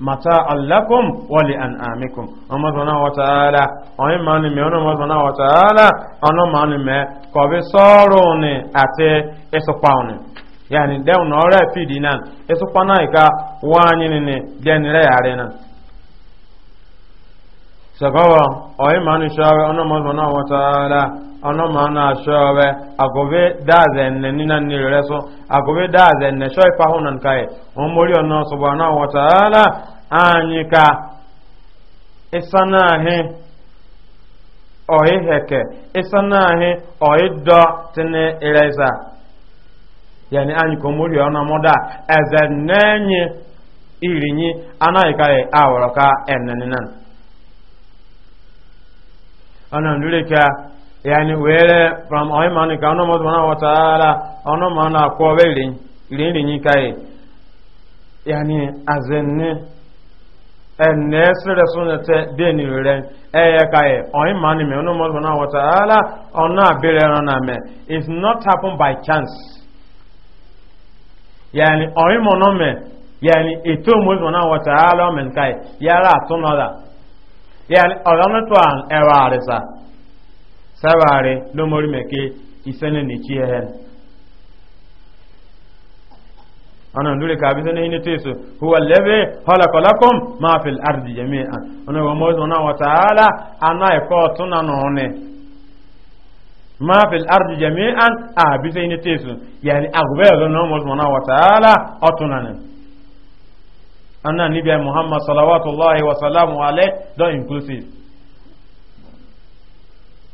mata'an allakum wali li an'amikum ọmọ sọ̀nà wọ̀tàálà ọ̀yìn máa ni mẹ́ ọ̀nà ọmọ sọ̀nà wọ̀tàálà ọ̀nà máa ni mẹ́ kọ̀bí sọ́ọ̀rọ̀ ni àti ìsopá ni yàní dẹ́wọ̀n ọ̀rẹ́ fìdí náà ìsopá náà ìka wọ́n á yín ni dẹ́ni rẹ̀ yàrá náà. sagawa oyi mani shawe ono mazmana wa ta'ala ono mana shawe agobe daze ne nina ni reso agobe daze ne shoy pahunan kai omori ono subhanahu wa ta'ala anyika isana he oyi heke isana he oyi do tene ireza yani anyika omori ono moda n'enye irinyi ka aworoka eneninan ana ndulika yani were from oimani ka ono mozmana wa taala ono mana ko wele ilini nyikai yani azenne ene sere sunete deni rere ya kai oimani me ono mozmana na taala ono abere na na-awacha me It's not happen by chance yani oimono me yani eto mozmana wa taala men kai yara atunoda yani ọ̀dọ́nù tó àn sa, rẹ̀ sá sábà rẹ̀ ló mórí mẹ́kẹ́ ìsẹ́nẹ̀ ní kí ẹ̀hẹ́ ọ̀nà ìdúrẹ̀ kàbí sẹ́nẹ̀ yìí ní tẹ́sù huwa lẹ́bẹ̀ họlọ̀kọ̀lọ́kùn máa ardi àrùdì jẹ́mí à ọ̀nà ìwọ̀n mọ́ ọ̀nà wọ̀ tààlà aná ẹ̀kọ́ tún nà nù ní máa fi àrùdì jẹ́mí à àbí sẹ́yìn ní tẹ́sù yẹni àgùbẹ́ ọ̀nà mọ́ ọ̀nà wọ̀ tààlà ọ̀tún nà anna nibia muhammad salawatullahi wa salamu ale don inclusive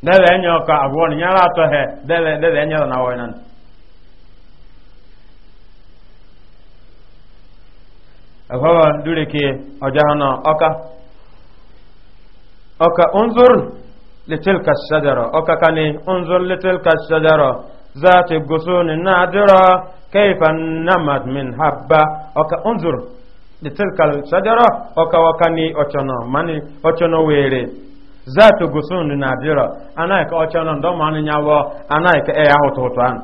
dele enyo ka agwon nyara atọ he dele dele enyo na woinan agwa dure ke ojahana oka oka unzur ọka الشجرة أككني انظر لتلك الشجرة zati gusuni nadira كيف نمت من حبة أك انظر li tilkal shajara oka wakani ochono mani ochono were zatu gusun na dira anaika ochono ndo mani nyawo anaika e ya hototan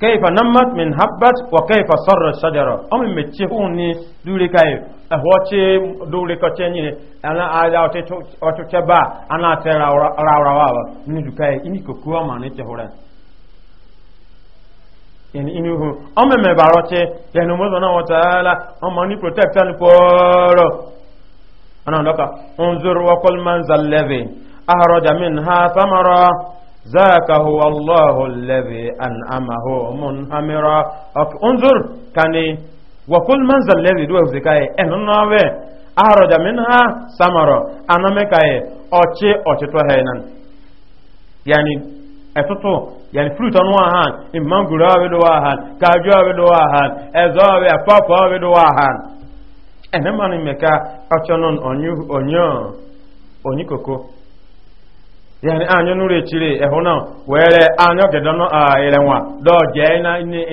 kayfa nammat min habbat wa kayfa sarra shajara am mechihuni dure kai e ahoche dure ko chenyi ana ala ote ote ba ana tera rawrawa ni dukai ini kokuwa mani tehora yani inuhu ọmọ ẹ̀mẹ̀ bàrọ̀tẹ́ yẹnu mọ́sánà wọ̀tàálà ọmọ ní protector ní pọ́ọ̀rọ̀ ọ̀nà ọ̀dọ́ka ń zọrọ̀ wọ́kọ́l man zalẹ́bẹ̀ ahọ́rọ̀jà min ha samarọ̀ zaaka huwa allahu lẹ́bẹ̀ an amahu mun hamira ń zọrọ̀ kani wọ́kọ́l man zalẹ́bẹ̀ duwa zikaye ẹnu nọ́ọ̀bẹ̀ ahọ́rọ̀jà min ha samarọ̀ anamikaye ọ̀chẹ́ ọ̀chẹ́tọ́ yani fruit on one hand in mango eh, eh, eh, one hand kaju awe one hand ezo awe papa awe do hand ene man onyikoko chire ehona were anyo gedono a irenwa do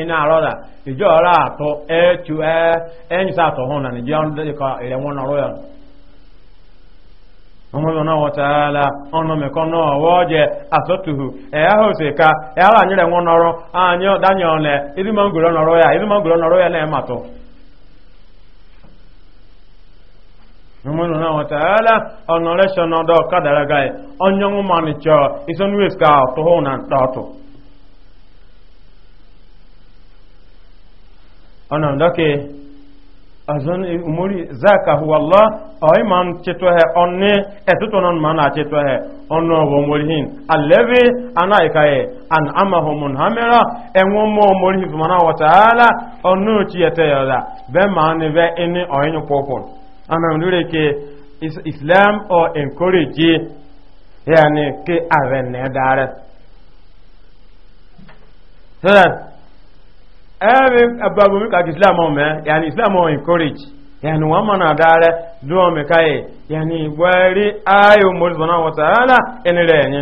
na aroda ato e na ọmọlọ́nà wọ̀tàálà ọ̀nà asọtụhụ ọ̀wọ́jẹ́ ha ẹ̀yà òsèká ha anyịrị wọn nọrọ ànyẹ́ dányẹ̀ ọ̀nẹ̀ ìdúmọ̀ngùrọ̀ nọrọ ya ìdúmọ̀ngùrọ̀ nọrọ ya náà màtọ̀ ọmọlọ́nà wọ̀tàálà ọ̀nà rẹ̀ṣọ̀nà ọ̀dọ̀ kádàrágà ẹ̀ ọ̀nyẹ́wọ̀n mọ̀nìchọ̀ ìsọ̀nùwẹ̀sìká na azan umuri zaka huwa allah ay man cheto onne man a cheto he onno wo murihin allevi ana ikaye an amahu munhamira enwo mo murihin mana wa taala onno chiyete yala be man be ene oyin ana ndure ke islam o encourage yani ke avene dare so every ababu mi ka islam o eh? yani islam o encourage yani wa mana dare eh? do me kai yani wari ayo mo zona wa taala enire ni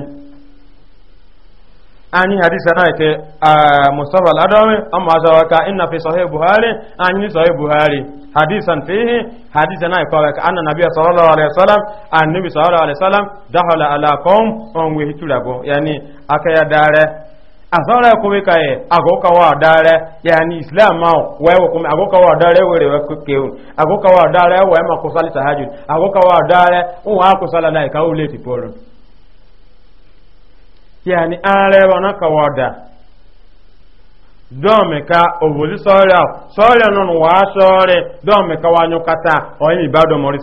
ani hadisa na ke mustafa al-adawi amma zawaka fi sahih buhari ani sahih buhari hadisan fihi hadisa na ka anna nabiyya sallallahu alaihi wasallam annabi ala asọ́rọ̀ ẹ̀kọ́ wíkà ẹ̀ agọ́kọwà ọ̀dáàrẹ́ yà ní islam e e ma wẹ́wọ̀ kúmẹ̀ agọ́kọwà ọ̀dáàrẹ́ wẹ̀rẹ̀ wẹ́kẹ́kẹ́un agọ́kọwà ọ̀dáàrẹ́ wẹ́ ma agụkawa sàájú ụwa ọ̀dáàrẹ́ na akọsálà náà lè ti pọ̀rọ̀ yà ní ààrẹ wọn kọwà ọ̀dà dọ́ọ̀mẹ̀ka òwòlí sọ́ọ̀rẹ́ sọ́ọ̀rẹ́ sọ́ọ̀rẹ́ wà kata ọ̀yìn ìbádọ́ mọ́rí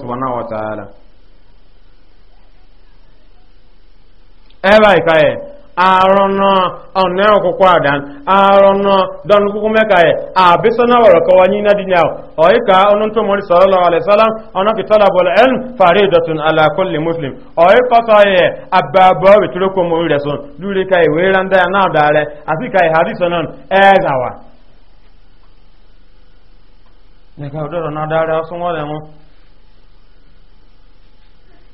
arụnọ ọnụ ọkwụkwọ arụnọ mekaye na nyi na dinya ọyị ka ọnụ ntụ mọrị alaisalam ọnụ fi tọla bọlọ fari dọtun ala kulli muslim ọyị ya ababọ sọ ka iwe randa ya náà dàrẹ àti ka ìhàdí ka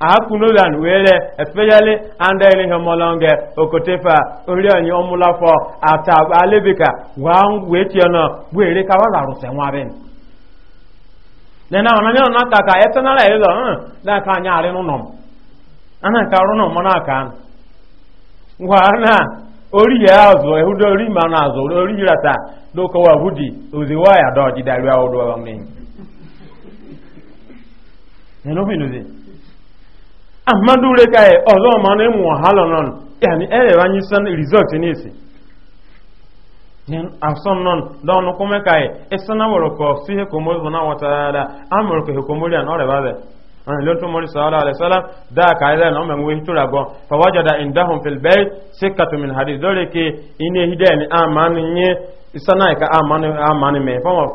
akunulan were especially and any okotefa ori onye ọmụlafọ ata alebika wa wee tie na were ka wala rụsị nwarin na ka anya arị n'ụlọ m ana ka rụnụ na aka ngwa na ori ya azụ ori ma na azụ ori rata ọrụ amadu reka ẹ e, ọzọ ọmọ ní mu ọhalọ nọn yàní ẹ e yẹ wáyé sàn result ní yẹn asọn nọn dọ́ọ̀nù kọ́mẹ́ ka ẹ e, ẹ sàn awọ̀rọ̀ kọ́ sí hekomori fún àwọn tààdà amọ̀rọ̀ kọ́ hekomori àná ọ̀rẹ́ bá bẹ̀ ọ̀nà ló ń tún mọ́rí sọ́ọ́lá alẹ́ sọ́lá dáa ka ẹlẹ́ náà mẹ́wọ́ èyí tóra gan fọwọ́jọ́dá ìdáhùn fìlbẹ́ sí kàtùmìn hàdí lórí ke iná ehidá ẹni àmánu yẹn sanáìka àmánu mẹ́ fọwọ́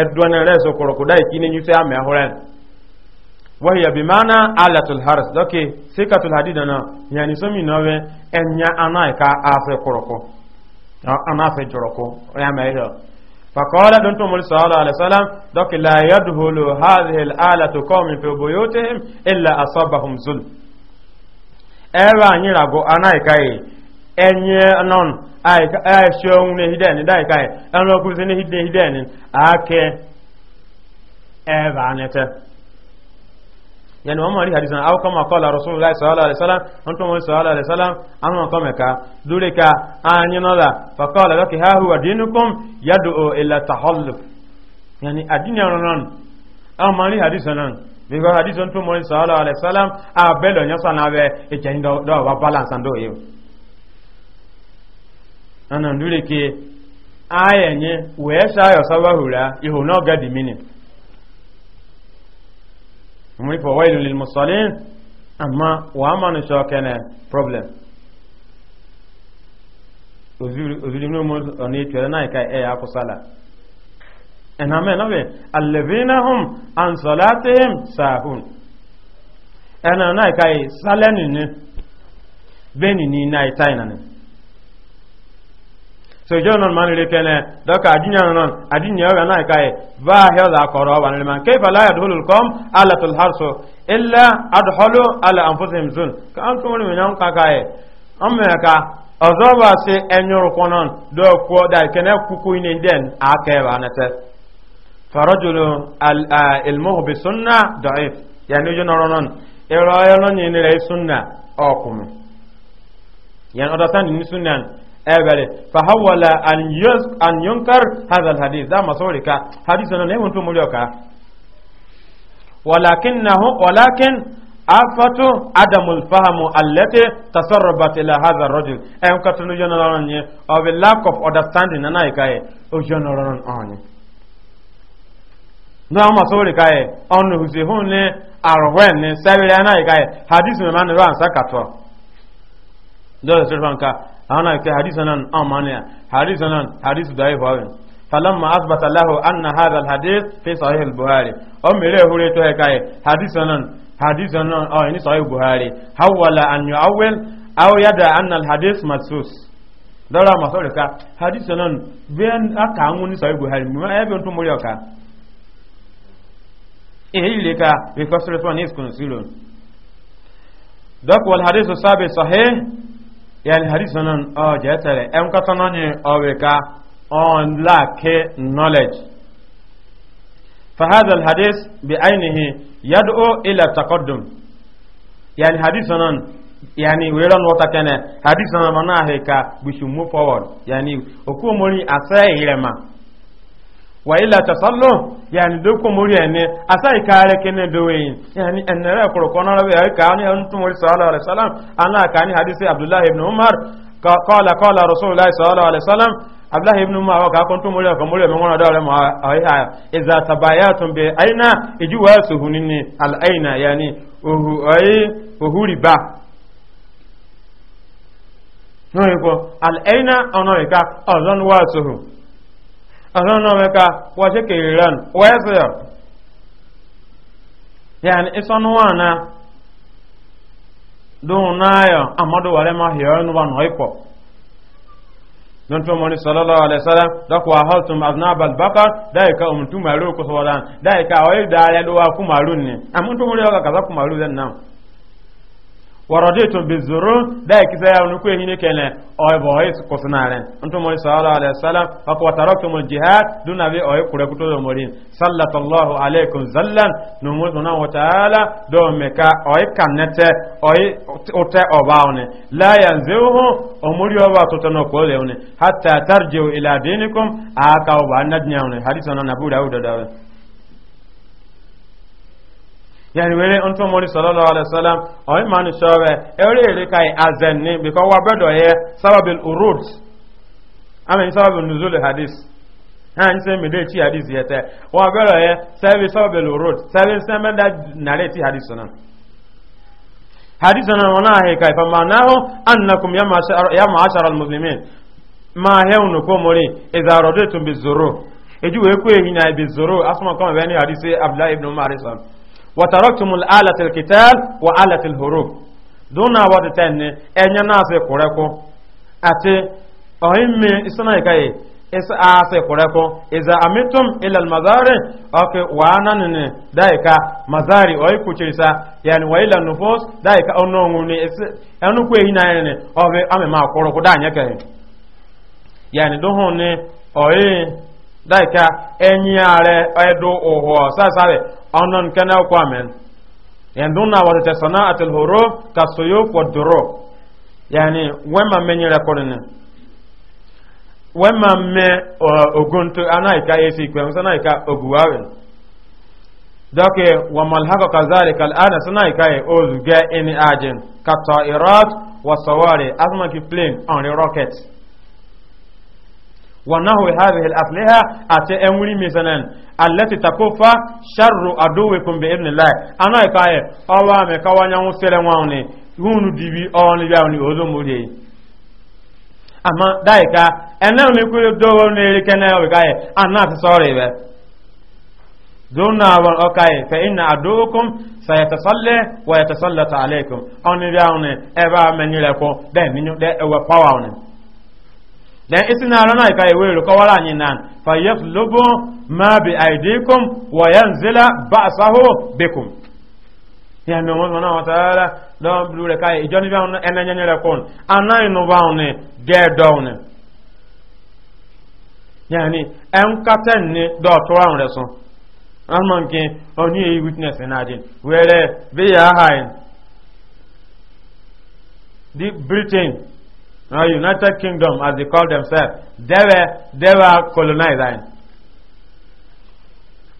ẹ̀dùn ẹni rẹ̀ sọ̀kọ̀rọ̀kọ̀ dáì kí ní yúṣẹ́ àmì ẹ̀húrẹ́ وهي بمعنى آلة الحرس دوكي سيكة الحديد أنا يعني سمي نوى أن أنا إكا آسي كوركو أنا في جوركو يا ميدا فقال دنتو مولى صلى الله عليه وسلم دوكي لا يدخل هذه الآلة قوم في بيوتهم إلا أصابهم ظلم أبا نيراغو أنا إكاي أني نون أي أي شون نهيدن داي كاي أنا كوزين نهيدن أكي أبا نته yani wọ́n mọ̀ rí hadisan aw kama kọ́la rasulillah sallallahu alaihi wasallam wọ́n tún wọ́n sallallahu alaihi wasallam an wọn kọ́mẹ̀ ka lórí ka an yín nọ́la fakọ́la lọ́kì ha huwa dinukum yadu o ila tahalluf yani adini ọ̀rọ̀ nan aw mọ̀ rí hadisan nan bíkọ́ hadisan tún wọ́n sallallahu alaihi wasallam a bẹ́ẹ̀ lọ nyọ́sọ̀ náà bẹ́ẹ̀ ìjẹ́ ní dọ́wọ́ bá balance and dọ́wọ́ yìí. ana lórí ke ayẹ̀yẹ wẹ́ẹ́ sáyọ̀ sábà hùrà ihò mun fa wailul lil musallin amma wa amanu sho kene problem ozuri no mo oni tere na ka e ya kusala ena me na be allazina hum an salatihim sahun ena na ka e salani ne beni ni na itaina ne sojo non man le tene doka adinya non adinya ga na kai va he la koro wa man kayfa la yadhulu al qawm ala al harsu illa adhulu ala anfusihim zun ka an ko ni nyam ka kai amme ka azoba se enyor konon do ko da kene kuku ni den aka ba na te farajulu al ilmuhu bi sunna da'if yani jo non non ero ayo non ni re sunna okumu yani odasan ni sunna ebere fahawala an yunkar hadha alhadith da masori ka hadith na ne mun to mulio ka walakinahu walakin afatu adamul fahamu allati tasarrabat ila hadha ar-rajul ay katunu jonaron ni of a lack of understanding na ikai o jonaron onye na masori kai onu huzehun ni arwen ni sabira na ikai hadith na man ran sakato do sirfanka ana ke hadisa nan amana ah, hadisa nan hadisu da yafa wen falamma asbata lahu anna hadha alhadith fi sahih al-buhari o mere hure to he kai hadisa nan hadisa nan o ah, ni sahih buhari hawala an yu'awwil aw yada anna alhadith masus dara masore ka hadisa nan ben aka anwu ni sahih buhari mi ma ebe ntu muri oka ehi le ka because response is concealed dak wal hadith sabi sahih yani hadisa nan o jetere en kata nan ye o be ka on la ke knowledge فهذا الحديث بعينه يدعو إلى التقدم يعني حديث yani weran wata kene hadisa nan mana heka we should move forward yani oku mori asa irema wàílà tàṣálọ̀ yàní dókùn mórí ẹni asáìka rẹ̀ kí ní dòwìn yàní ẹ̀nẹ̀rẹ̀ kùrùkọ́ náà rẹ̀ ẹ̀ka ní ẹni tó mórí sọ́ọ́lọ́ alẹ́ sálám aláàkà ní hadisi abdullahi ibn umar kọ́ọ̀lá kọ́ọ̀lá rasulullah sọ́ọ́lọ́ alẹ́ sálám abdullahi anọnọmeka wace kiriran wesir yani isanuwa e na dun nayo amadu wale ma hiyo nuba e no e don to moni sallallahu alaihi wasallam da ku ahaltum aznab da ka umtu maru ku sawadan da ka wai da ya do ku marun ne ka waraditum bizurur da kisa ya nuku hine kene oy boy ko sunare antum moy sallallahu alaihi wasallam fa wa taraktum aljihad duna bi oy kure kuto do morin sallallahu alaikum zallan numu duna wa taala do meka oy kanete oy ote obaone la yanzuhu umuri oba to tono ko leone hatta tarjiu ila dinikum aka oba nadnyaone hadithana nabu daud daud yani wele onto mori sallallahu alaihi wasallam o imanu shobe ere ere kai azenni because wa bedo ye sababil urud amen sababil nuzul hadith ha nse mi de chi hadith yete wa bedo ye sabi sababil urud sabi sema da narrate hadith na hadith na wana he kai fa manahu annakum ya ma'ashar ya ma'ashar al muslimin ma hewnu ko mori idza raditum bizuru eju we ko ehina bizuru asma kama bani hadith abdullah ibn umar وتركتم الآلة القتال وآلة الهروب دون وقت تاني أن يناسي قرأكو أتي أهم إسنا يكاي إس آسي قرأكو إذا أمتم إلى المزارع أوكي وانا نني دايكا مزاري أوي كوتشيسا يعني وإلى النفوس دايكا أنوني إس أنو كوي هنا يعني أوكي أمي ما قرأكو دانيا كاي يعني دون أوي دايكا أنيا على أدو أوه ساسابي onon kana kwa men yanduna wa ta sana'at al huruf ka suyuf wa duru yani wema menyi rekodene wema me uh, oguntu anaika yesi kwa sanaika oguwawe doke wa malhaka kazalika al ana sanaika e ozuga in ajin ka ta'irat wa sawari rocket ونحو هذه الأسلحة أتي أمري مثلا التي تكفى شر عدوكم بإذن الله أنا إكاي أوامي كوانيا وسلموني هونو ديبي أوني بيوني أوزمولي أما دايكا أنا نقول دور نيريك نيوي كاي أنا تسوري بي دون أول أوكاي فإن عدوكم سيتصلى ويتسلط عليكم أوني بيوني أبا من يلكو دي منو دي أوا باواني then isi na arana ka iwe wara anyi nan fa yaflubu ma bi aidikum wa yanzila ba'sahu bikum ya no mo na wa taala do blu re kai ijoni ba on ena nyanya re kon anai no ba on ge down yani en katen ni do to an re so amon ke oni e witness na din were be ya hain di britain Now, United Kingdom, as they call themselves, they were, they were colonizing.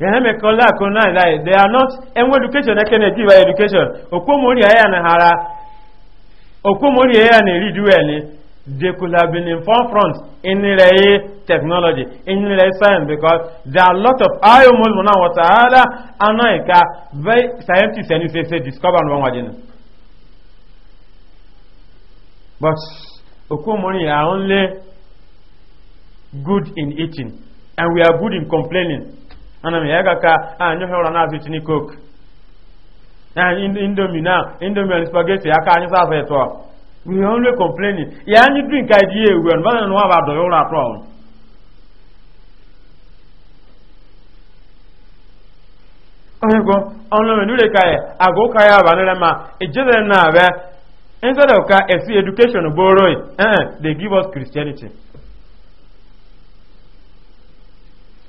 eheme kola kona ilai they are not enwe education eke na eji education okwomori aya na hara okwomori aya na eri duwe ni they could have been in forefront in relay e technology in relay e science because there are a lot of ayo mulmu na wata ala anaika very scientists and you say say discover one wajin but okomori are only good in eating and we are good in complaining ana m ya kaka ka ah, anyị ha ụra na-azụ itinye coke ah, indomi na indomi and spaghetti aka anyị sa azụ we are only complaining ya anyị drink anyị dị ya ewu ọnụ bana nwa bụ adọghị ụra atọ ọnụ onye go ọnụ mere n'ụlọ ka ya agụ ụka ya abanere ma ejere na abịa Instead of ka esi education borrow it, e, eh, they give us Christianity.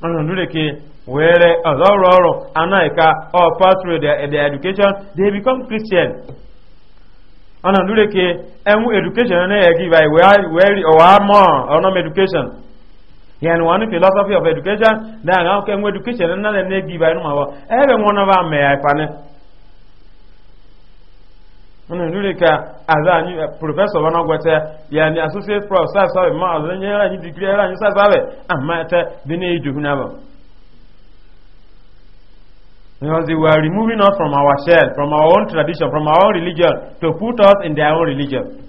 Ọ̀nà ló lè ke wẹ́rẹ́ ọ̀rọ̀ ọ̀rọ̀ aná ìka or pass through their, their education, they become Christian. Ọ̀nà ló lè ke ẹ̀wù education náà yẹ kí ìwà ìwé ọ̀wá mọ̀ ọ̀nà education. yẹn wọn philosophy of education náà àwọn ẹ̀wù education na lè ní ẹ̀gì ìwà inú ebe ẹ̀rẹ̀ wọn náà bá mẹ̀ ẹ̀fà náà. nurika aza ni eh, professor wana gwete yani associate professor sabe ma azo nyera ni degree era ni sabe amma ta dine ijuhu na ba Because they were removing us from our shell, from our own tradition, from our own religion, to put us in their own religion.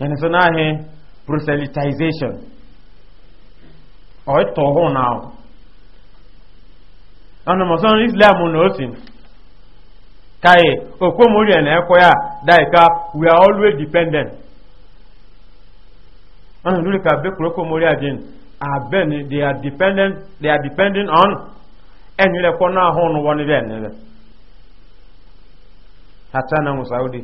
And so now here, proselytization. Or it's to now. And the Muslim Islam will notice. kai okomori na ekwe ya daika we are always dependent ana ah, nuri ka be kuro mori ajin ah, ni they are dependent they are depending on enyi le kona ho no woni be ne be hata na mu saudi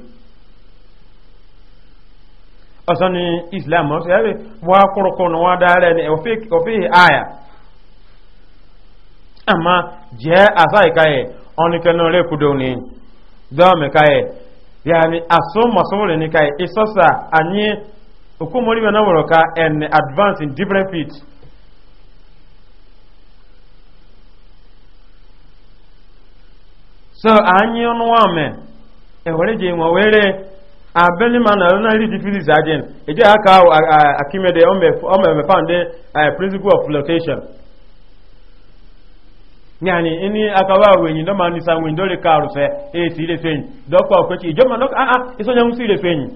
islam ọsọ ya wa kuro ko no wa dare ni ofi ofi aya ama je asai kai onikeno le kudo ni dɔmi e ka ye yaani a sɔn masɔnwere ni ka ye i sɔsa ani bɛ na ka ɛn advance in different fields. so anyị ọnụ wame ewere ji nwa were abeli ma na na ri difili zajen eje aka akimede o me o me found eh, principle of flotation yani ini akawa wenyi ndo mani sa wenyi ndo le karu se e si le fenyi do kwa kwechi jo ma a a ah, ah, iso nyamu si le fenyi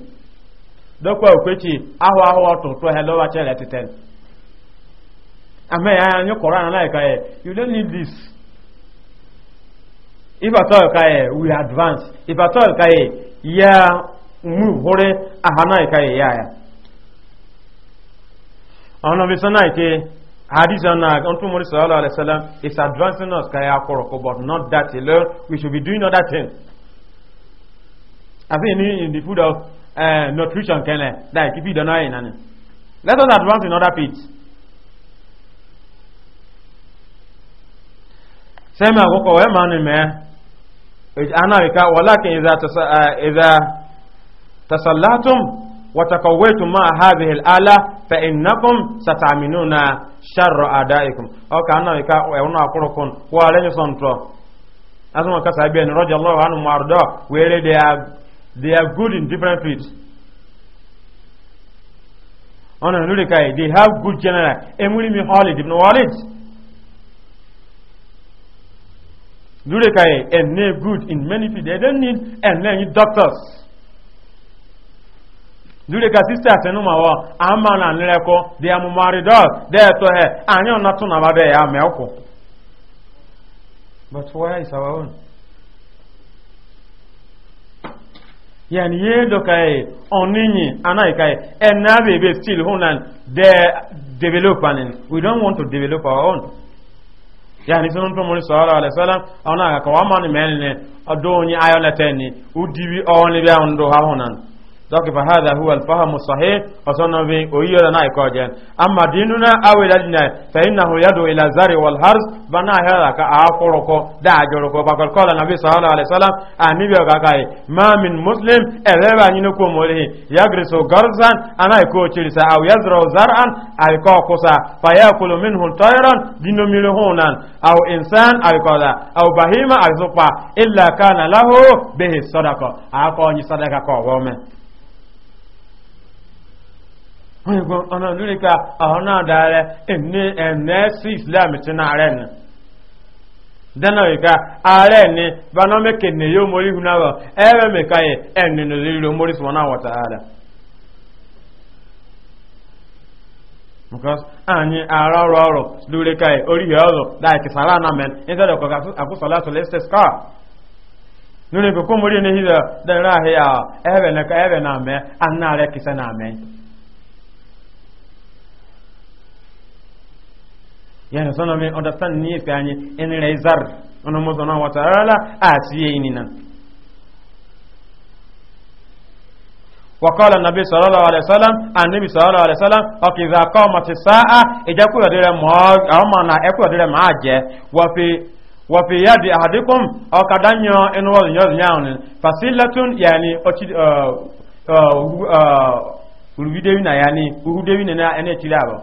do kwa kwechi aho aho to to hello wa chele teten ama ya nyo koran na ka e you don't need this if at all ka e we advance if at all ka e ya mu hore ahana ka e ya ya ona bisana ke hadith na Antumuri sallallahu alaihi sallam is advancing us kaya koroko but not that alone. We should be doing other things. I think in, in the food of uh, nutrition kene. that if you don't know eh, in Let us advance in other fields. Sema wako wema ni me ana wika walakin idha tasa, uh, eh, idha tasallatum وتقويتم مع هذه الآلة فإنكم ستعملون شر أعدائكم أو كأنه يكا ويونا أقولكم وعليه سنتو أزمع كسابين رضي الله عنهم وأرضاه where they are, they are good in different fields أنا نقول لك they have good general أمولي من خالد ابن والد Lure kai and they good in many fields. They don't need and many doctors dure ka sista tenu ma wa amma na nire ko de amu mari dog de to he ya me but why is our own yani ye do kai oninyi anai kai and na be be still hunan de develop anin we don't want to develop our own yani sunu to muri sallallahu alaihi wasallam awna ka wa man men ne adonyi ayonete ni udibi on be on do ha hunan donc fahadha huwa alfahamu sahih fasono bi oyiyola na ikojen amma dinuna aw ila dina fa innahu yadu ila zari wal harz bana hada ka akoroko da ajoroko bakal qala nabi sallallahu alaihi wasallam ani bi ga kai ma min muslim eleba ni ko mori yagriso garzan ana ko chirisa aw yazra zar'an ay ko kusa fa yakulu minhu tayran dinu milhunan aw insan ay qala aw bahima ay zuqa illa kana lahu bihi sadaqa akoni sadaqa ko wome wíwọ́n ọ̀nà lóríkà ọ̀nà àdáyẹrẹ ẹ̀ní ẹ̀nẹ́sì islam ti na rẹ̀ nù dẹ́nà ìka ààrẹ ni banamẹ́kẹ̀ ní yóò mórí hun náà ẹ̀rẹ́ mẹ́ka yẹ ẹ̀nì nìlérí ló mórí sùn náà anyị arụ ọrụ ọrụ lóríkà yẹ oríhì ọrụ láìkì sàrà náà mẹ́n instead of àkúsọ̀lá tó lẹ́sẹ̀ scar lórí ìkókó mórí ní hídà dẹ́nà àhíyà ẹ̀rẹ́ nà mẹ́ àná yani sana me understand ni fe anyi en rezar ono mo zona wa taala asiye inina wa qala nabi sallallahu alaihi wasallam annabi sallallahu alaihi wasallam akiza qamat as-sa'a ijaku yadira ma ama na eku yadira ma je wa fi wa fi yadi ahadikum akadanyo enu wa nyo nyaun fasilatun yani ochi uh uh uh urubidewi na yani urubidewi na ene tilabo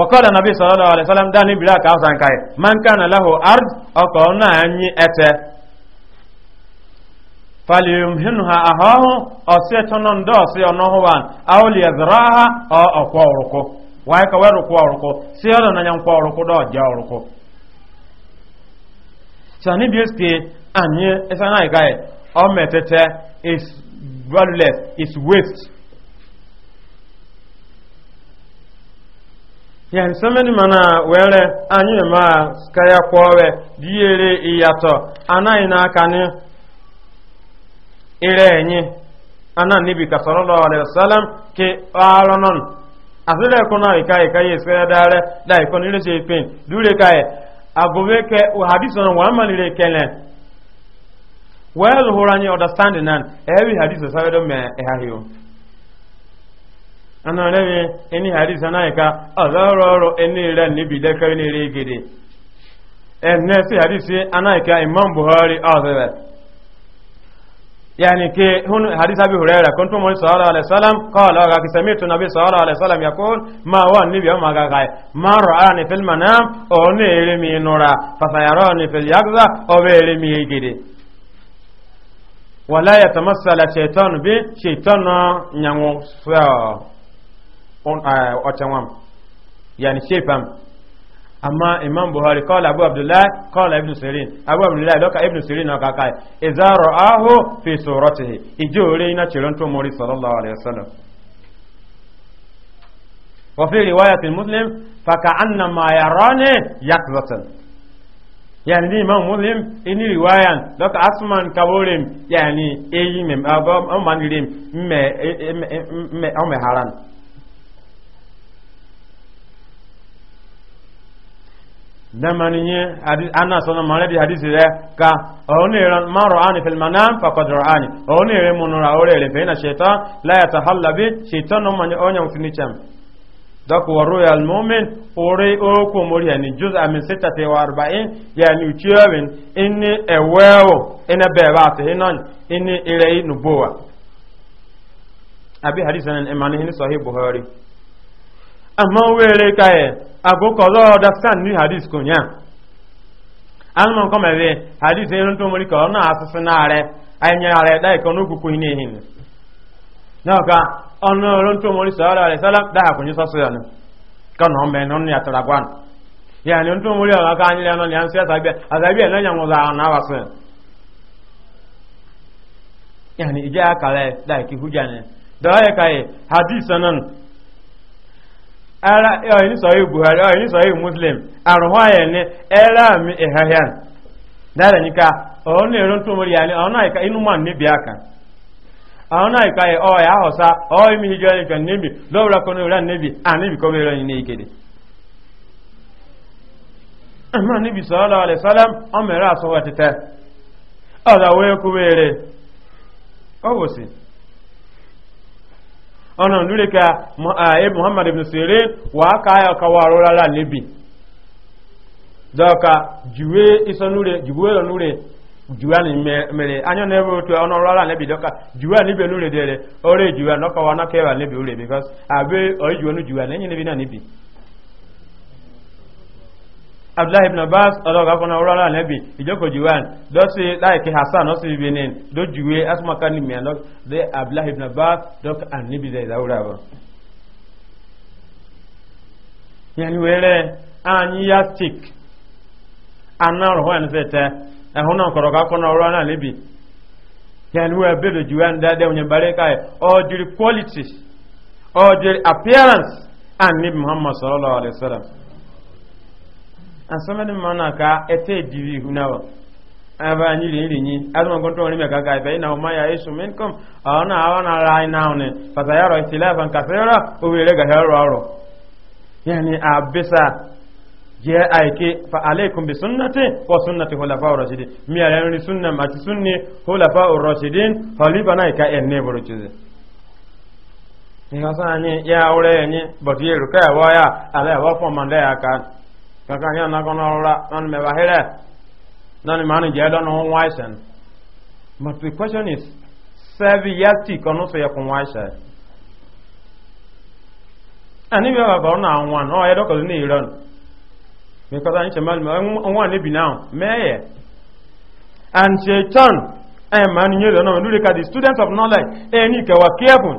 وقال النبي صلى الله عليه وسلم داني بلا كاسان كاي من كان له أرض أقونا أني أتى فليمهنها أهاه أسيتنا ندوسي أنهوان أو ليذراها أو أقواركو وايكا ويرقواركو سيانا نيانقواركو دو جاوركو sani bioski anye esana igai o metete is valueless is waste yẹn sọmẹni mana wẹrẹ anyi ma kaya kọọrẹ diere iyatọ na n'aka ni ire enyi ana nibi ka sallallahu alaihi salam ke ọrọnọn asile kuna ika ika yi sẹ dare da ikọ nire se pin dure ka yẹ agobe kẹ o hadisi na wọn mọlire kẹlẹ wẹẹlu hura nyi ọdastandi nan ẹbi hadisi sọrọ dọ mẹ ẹhari o. ana eni ẹni hadith anáyíká ọ̀lọ́rọ̀ọ̀rọ̀ ẹni rẹ̀ níbi dẹ́kẹ́ ní rí gidi ẹ̀nẹ́ sí hadith anáyíká imam buhari ọ̀sẹ̀rẹ̀ yani ke hun hadith abi hurairah kuntu mu sallallahu alaihi wasallam qala ga kisamitu nabi sallallahu alaihi wasallam yakul ma wa nabi ma ga ga ma ra'ani fil manam o ne ilmi nura fa sayarani fil yaqza o be ilmi gidi wala yatamassala shaytan bi shaytan nyango fa Eh, ọ̀chẹ̀wọ̀n yani shefam amma imam buhari kọ́la abu abdullahi kọ́la ibn sirin abu abdullahi lọ́ka ibn sirin na kaka izaro ahụ fi sorotihi ijo ore ina cirin to mori sallallahu alaihi wasallam wa fi riwayatin muslim faka anna ma ya yarani yakzatan yani ni imam muslim ini riwayan lọ́ka asman kaworim yani eyi mem abam man rim me me haran damani nye ana sɔnna mɔlɛ di hadisi rɛ ka ɔne yɛrɛ maro ani fɛn manam fakɔdɔrɔ ani ɔne yɛrɛ munura o yɛrɛ fɛ ina sɛtɔn layata halabi sɛtɔn no ma nye ɔnyɛ fini cɛm donc wa royal moment ore o ko mori ani juz amin sittati wa arba'in yani uchiyawin inni ewewo ina bebate hinon inni irei nubuwa abi hadisan imani hin sahih buhari amma wele kaye agogo ọlọ understand ní hadith kò nyà anumọ nkọ mẹbi hadith ẹni tó mọlì ọ náà asese náà rẹ ẹnyẹ rẹ dáì kọ ní òkùnkùn yìí nìyẹn náà ká ọ̀nà ọ̀rọ̀ tó mọlì sọ̀rọ̀ rẹ sálá dáhà kò ní yẹn kọ́ yẹn tó ọ̀rọ̀ ká àtàgbẹ́ àtàgbẹ́ ara ọ̀yìn e, sọ̀yìn buhari ọ̀yìn sọ̀yìn muslim àrùnwọ́ ẹ̀yẹ̀ ní ẹ̀rá mi ìhàhìá e dára e aka. ká ọ̀hún èrò tó mọ̀rí àní ọ̀hún náà ìka inú mọ̀ níbi àkà ọ̀hún náà ìka ọ̀yà àhọ̀sá ọ̀hún mi níbi lọ́wọ́ra kan ní níbi kọ́ ní ìkéde ẹ̀mọ́ níbi ọmọ ẹ̀rọ àsọwọ́ ọ̀dà wẹ́ẹ́rẹ́ ọ̀nà lórí ka muhammad ibn sirin wà á ká ayọ̀ kawọ́ àrọ́rọ́ rà níbi dọ́ka jùwé ìsọ̀núre jùwé ìlọ̀núre jùwé ni mẹ́rẹ̀ anyọ́ na ebe otu ọ̀nà ọ̀rọ̀ rà níbi dọ́ka jùwé dere lórí dẹ̀rẹ̀ ọ̀rẹ́ n'ọkọwa nọ́kọ̀wọ́ nọ́kẹ́wà níbi lórí because àbẹ́ ọ̀rẹ́ jùwé ní na na abdullahi ibn abbas ọlọ́gá fún ọrọ̀ ọ̀rọ̀ àlẹ́bì ìjókòjúwàn lọ́sí láìkí hassan lọ́sí benin lójúwé asmaka ní mìíràn lọ́sí abdullahi ibn abbas dọ́kà àníbi ìdáwúrà wọn. yẹn wẹ́rẹ́ àyíyá stick aná ọ̀rọ̀ ẹni fẹ́tẹ́ ẹ̀hún náà kọ̀rọ̀ká fún ọrọ̀ ọ̀rọ̀ àlẹ́bì yẹn wẹ́ bẹ́ẹ̀ jùwẹ́n dáadáa òyìn bàrẹ́ káyẹ̀ ọ̀dùrí quality ọ̀dùrí appearance àníbi muhammad sallallahu alayhi wa sallam asomedi mana ka ete divi hunawa aba anyi le ile nyi azuma gonto wani meka ka ibe ina uma ya yesu minkum ona awana rai naune fata yaro itilafan kasera ubele ga hero aro yani abisa je aike fa alaikum bi sunnati wa sunnati khulafa ar-rashidin mi ya yani sunna ma sunni khulafa ar-rashidin khalifa na ka enne buruchize ni hasa ni ya ore ni bodiye rukaya waya ala wa fo manda ya ka kaka hịa na gọ n'ọrụra nani meba hịrị nani ma ni jee dọ na nwa isen but the question is seven years tea kọ n'ụsọ ya kwụ nwa isen ani bịa baba ọ na nwa ọ ya dọkọrọ na iran because anyị chema nwa na ebi na mee ya and she turn ẹ eh, maa ni nyere ọ na ka the students of knowledge ẹ ní kẹwàá careful.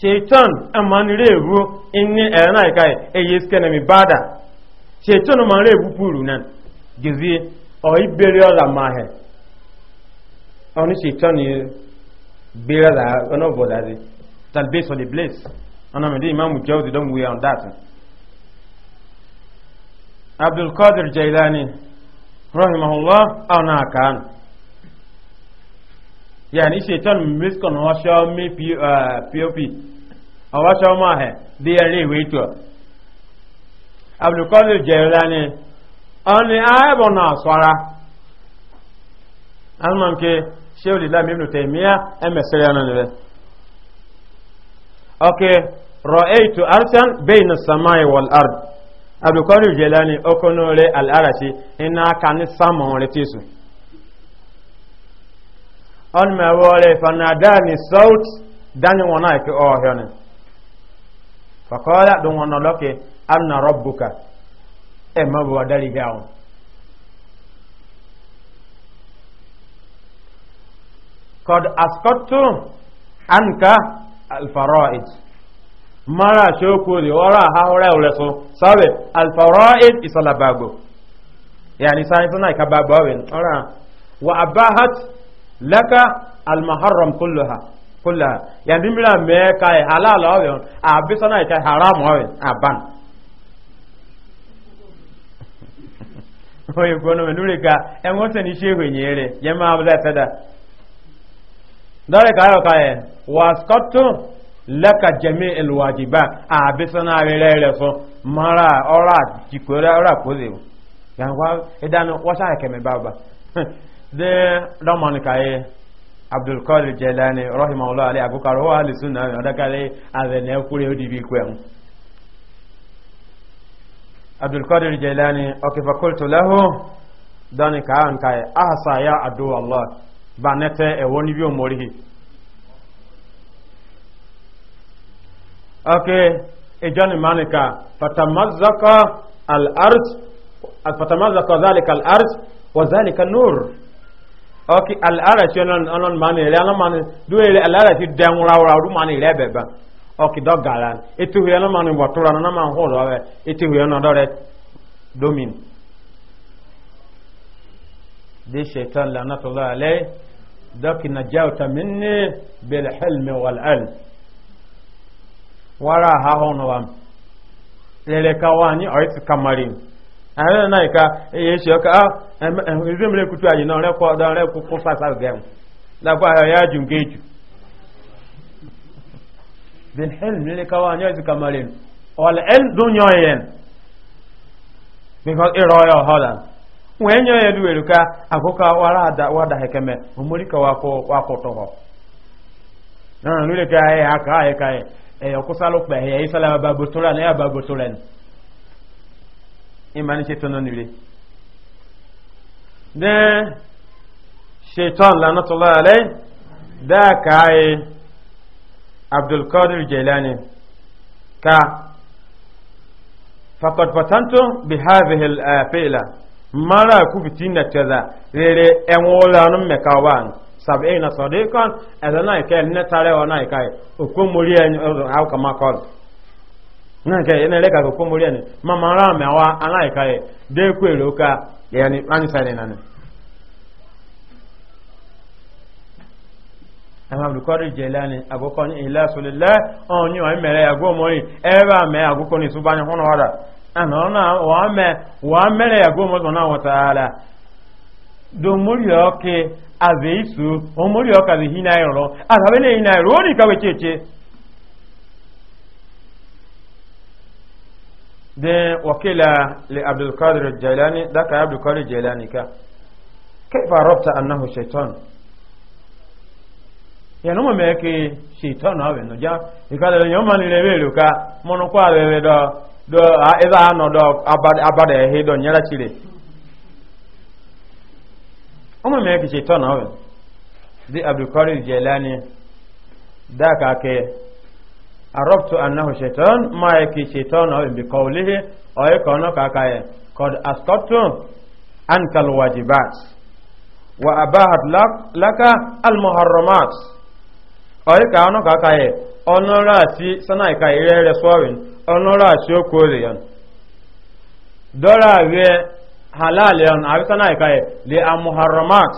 shaitan amma ni rebu inni erana kai e yeske na mi bada shaitan ma rebu puru nan gizi o ibere ola mahe oni shaitan ni bere la ono boda di talbis on the place ana me imam jawzi don we on that abdul qadir jailani rahimahullah ana kan yani shaitan miskan washa mi pi, a washa ma he de yare weto abdul qadir jailani ani ayabo na swara alman ke shehu lilam ibn taymiya emesere na ne okay ra'aytu arsan bayna samai wal ard abdul qadir jailani okonore al arashi ina kan samon retisu Onu on ma wole fanadani saut dani wona ke o hene faqala dun wona loke anna rabbuka e ma bo dali gawo qad asqattu anka al faraid mara shoko le ora ha ora ore so sabe al faraid isalabago yani sai sunai kababawen ora wa abahat laka almaharram kulluha kulluha ya dimira me kai halal awen a bisana ita haram awen aban oye gono me ka ni shehu nyere yema abla a bisana rere so mara ora jikora ora de lọ́mọ̀nì kàyé abdulkadir jelani rahimahullah ali agukaro wa ali sunna ọdakari azẹnẹ kúrẹ odi bi kwẹhun abdulkadir jelani ọkẹfàkọlùtò lẹ́hù dọ́ni kàá nkàyé ahasa ya adu allah ba nẹtẹ ẹwọ níbi omorihi ọkẹ ìjọni mánìkà fatamazaka al-art fatamazaka zalika al-art wa zalika nur ọkì alárẹ̀tí ọlọ́n mani rẹ̀ ọlọ́n mani dúró rẹ̀ alárẹ̀tí dẹ̀hún ráúra ọdún mani rẹ̀ bẹ̀bẹ̀ ọkì dọ́gàrà ètò ìwé ọlọ́n mani wọ̀túra ọ̀nà máa ń hó rọ̀ rẹ̀ ètò ìwé ọ̀nà ọ̀dọ́ rẹ̀ domin. dé ṣètò lánàtọ̀lá alẹ́ dọ́kì nàjà ọ̀tà mi ní bẹ̀rẹ̀ hẹ́lmi wàlẹ́l wàrà àhàhùn wa lẹ́lẹ́ka wa ní ọ̀rẹ́tì kamarin. ahịrị na ịka ihe echi ọka ezi mere kwutu anyị na ọrịa ọdọ ọrịa kwụkwụ ya nke eju bin hel mele kawa el dunyo yen because ịrọ ya ọhọla nwee nyọ ya duwere ka akụkọ wara ada wada hekeme ka na ka e aka ka imani shaitan non nire ne shaitan lanatullah alai da ka yi abdulkadir jelani ka fakad fatanto bi hadhihi al-afila mara ku fitina kaza rere enwola nun mekawan sab'ina sadiqan adana kai ne tare wa nai kai o muri en au nke ya na-ele ka koko mori ani ma mara amewa anaghị ka ya dee ni anyị sani agụkọ onye mere ya gụọ mori ebe a mee agụkọ ni anyị ọra a na wa mee wa mere ya gụọ mori na wataala domori ọkị aze isu den wakila li Qadir jailani da ka Qadir jailani ka kaifa rabta annahu shaitan yanu mo meke shaitan awe no ja ikala yo man le be ka mono kwa be be do do a iza no do abada abada he do nyara chire o mo meke shaitan awe di abdulkadir jailani da ka ke arọ́pùtù anáhù ṣetán máa kí ṣetán ọ̀rìn bí kọ́ olíhe ọ̀yẹ́ kan náà kàkà yẹ kọ́d ascotton ankal wajibat wa abahat laka almuharramat ọ̀yẹ́ kan náà kàkà yẹ ọ̀nọ́rọ̀ àti sanáìka ìrẹ́ rẹ̀ sọ́rin ọ̀nọ́rọ̀ àti okòó rẹ̀ yẹn dọ́rọ̀ àwẹ̀ halal yẹn àwẹ̀ sanáìka yẹ lè amuharramat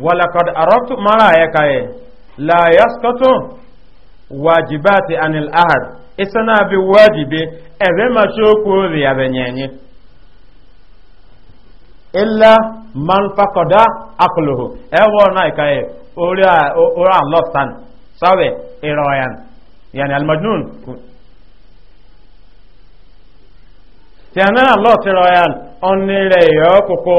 walakad arabtu mara ya kaye la yaskatu wajibati anil ahad isana bi wajibi ebe ma shoko ri abenyenye illa man faqada aqluhu ewo na kaye ora ora lostan sawe iroyan yani al majnun tiana lot iroyan onire yo koko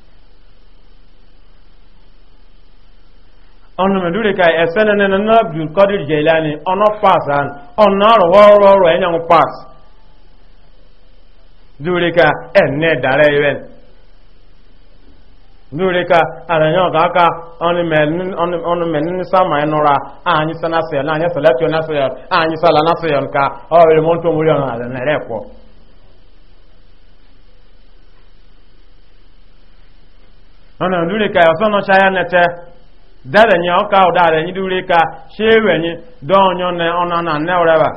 ọnụ medure ka esene na nana abdul qadir jailani ọnụ pas an ọnụ arụ ọrụ ọrụ enyanwụ pas dure ka enne dara iwen e dure ka aranya ga aka ọnụ men ọnụ men sama enura anyị sana sel anyị selatio na sel anyị sala na sel ka ọ were mọntụ mụrị ọnụ ala na rekwo ọnụ dure ka ọsọ e nọcha ya nete dada nye ọka ụdara nye dure ka shewe nye dọọnyọ na ọna e. na nne ụrẹba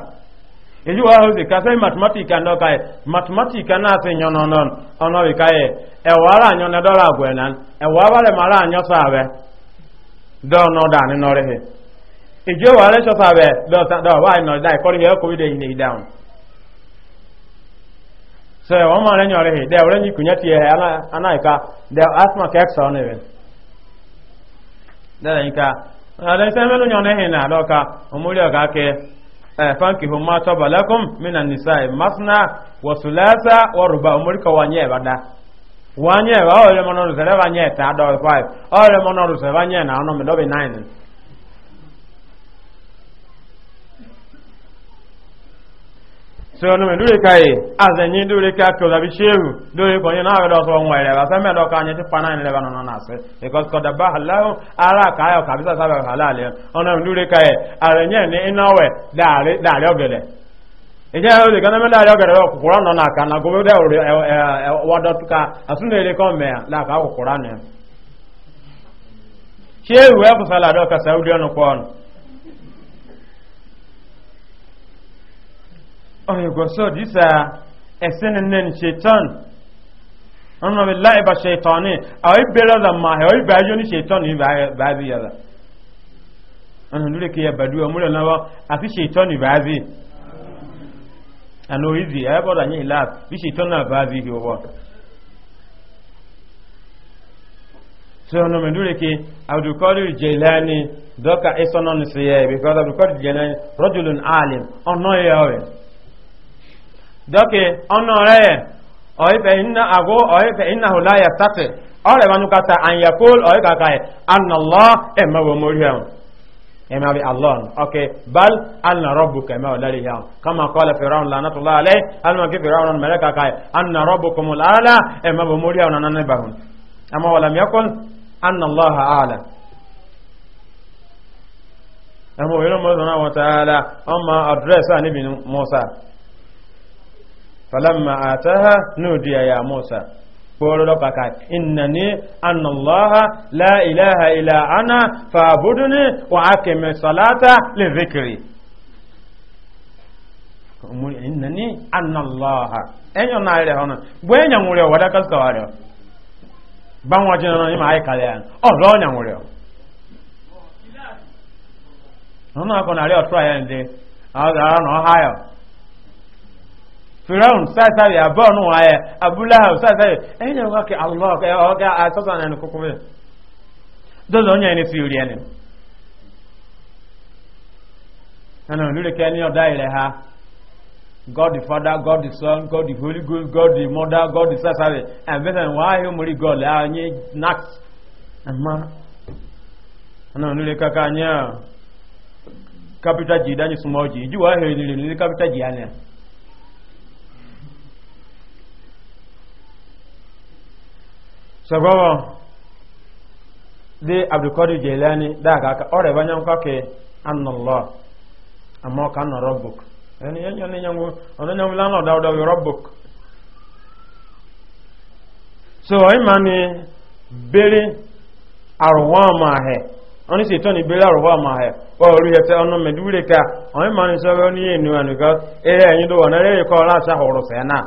eji wa hozi ka sẹ mathematics and ọka yẹ mathematics na asị nyọ nọ nọ ọnọ bi ka yẹ ẹwàrà anyọ na dọla agwẹ nan ẹwàrà mara anyọ sọ abẹ dọọ nọ ọda ni nọrẹ hẹ eji ẹwàrà sọ sọ abẹ dọọ dọọ wa anyị da ẹkọ ni ihe bi de yi na yi down so ẹwọn mọ ọrẹ nyọrẹ hẹ dẹ ọrẹ nyi kunyẹ tiẹ hẹ e, ana ẹka dẹ asma kẹ ẹkọ dala nka ala isa melu nyone hena loka omuli okake eh fanki huma tabalakum min an-nisa masna wa thulatha wa ruba omuli ka wanye bada wanye ba ole monoru zere wanye ta do 5 ole monoru zere wanye na ono medobe 9 sọ̀rọ̀ mi lórí káyè azẹ̀yìn lórí ká kọ̀ọ̀dàbí ṣéhù lórí kọ̀ọ̀yìn náà rẹ̀ lọ́sọ̀ ohun ẹ̀rẹ̀ àṣẹ́mẹ̀ lọ́ka yẹn ti paná ìrìn lẹ́bàá nínú náà sí because bá ara mi lórí náà na gbogbo dẹ̀ òrè wọ́dọ̀ tuka àtúndà èrè ka mẹ́ láàkà kòkòrò náà ọ̀yẹ̀gọ̀sọ̀ dísà ẹ̀sìn nínú ṣetán ọmọ mi láìba ṣetán ní àwọn ìbẹ̀rẹ̀ ọ̀dà máa ẹ̀ ọ̀yẹ̀bẹ̀ ayé ní ṣetán ní báyìí yàrá ọ̀nà lórí kí ẹbàdú ọmúlẹ̀ náà àti ṣetán ní báyìí àná orízi ẹ̀ẹ́bọ̀dà yẹn ìlà bí ṣetán náà báyìí yìí wọ́n so no me dure ke Abdul Qadir Jailani doka esonon siye because Abdul Qadir Jailani rajulun alim onno yawe dɔke ɔnɔrɛ ɔyifɛ ina ago ɔyifɛ ina hola ya sate ɔrɛ manu kata anyakol ɔyi kaka yi e, anala e ɛmɛ wɔ mori hɛn ɛmɛ e bi alɔn ɔke bal ana rɔbu kɛmɛ wɔ lɛri hɛn kama kɔlɛ fɛrɛw lana tula alɛ alima ke fɛrɛw mɛlɛ kaka yi ana rɔbu kɔmu ala ɛmɛ wɔ mori hɛn nana ne ba hun ama wala miɛkɔn anala ha ala ɛmɛ wɔ yɛlɛ mɔ sɔnna wɔ taala ɔma adrɛs a ne bi musa. فلما آتاها نودي يا موسى قول لك إنني أن الله لا إله إلا أنا فاعبدني وأقم الصلاة لذكري إنني أن الله أين ينعي هنا وين ينعي ولا كسكواري بان وجهنا نما أي كلام أو لا ينعي هنا أكون عليه أطرائي عندي هذا أنا هايو firaun sasa ya bonu waye abulahab sasa enye wa ke allah ke o ga asasa na ni kukume dozo nya ni fiuri ene ana lule ke ni oda ile ha god the father god the son god the holy ghost god the mother god the sasa and then why you muri god la nyi nax amma ana lule kaka nya kapita jidanyi sumoji juwa he ni ni kapita jianya sagogo dị abdulkadir jelani da ga aka ore banyan kwake annallah amma ka anna rabbuk yani yan yan yan on yan so ay mani bere arwa ma he onye si to ni arụwa ma ka on ni fee na